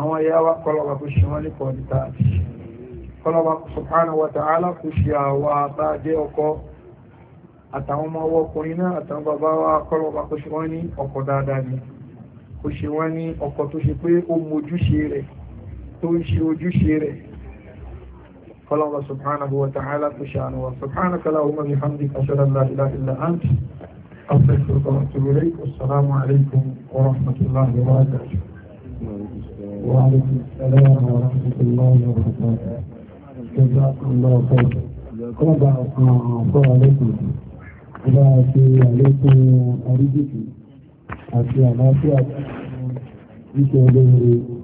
àwọn ẹ̀yà wa kọlọ̀wà kò ṣe wọ́n ní kọ̀ọ̀dítà kọlọ̀wà subhanahu wa ta'ala kò ṣe àwà bá jẹ́ ọkọ àtàwọn ọmọ ọwọ́ ọkùnrin náà àtàwọn bàbá wa kọlọ̀wà kò ṣe wọ́n ní ọkọ dáadáa ni kò ṣe wọ́n ní ọkọ tó ṣe pé ó mojúṣe rẹ̀ tó ń ṣe ojúṣe rẹ̀ kọlọ̀wà subhanahu wa ta'ala kò ṣe àná wa subhanaka allahumma bihamdika ashhadu an la ilaha illa anta astaghfiruka wa atubu ilayk assalamu alaykum wa rahmatullahi wa barakatuh وعليكم السلام ورحمة الله وبركاته جزاكم الله خيرا kọ́lọ́bà àkọ́ àlékún ọba àti àlékún àríjìkì àti àlàáfíà ìṣẹ́ olóore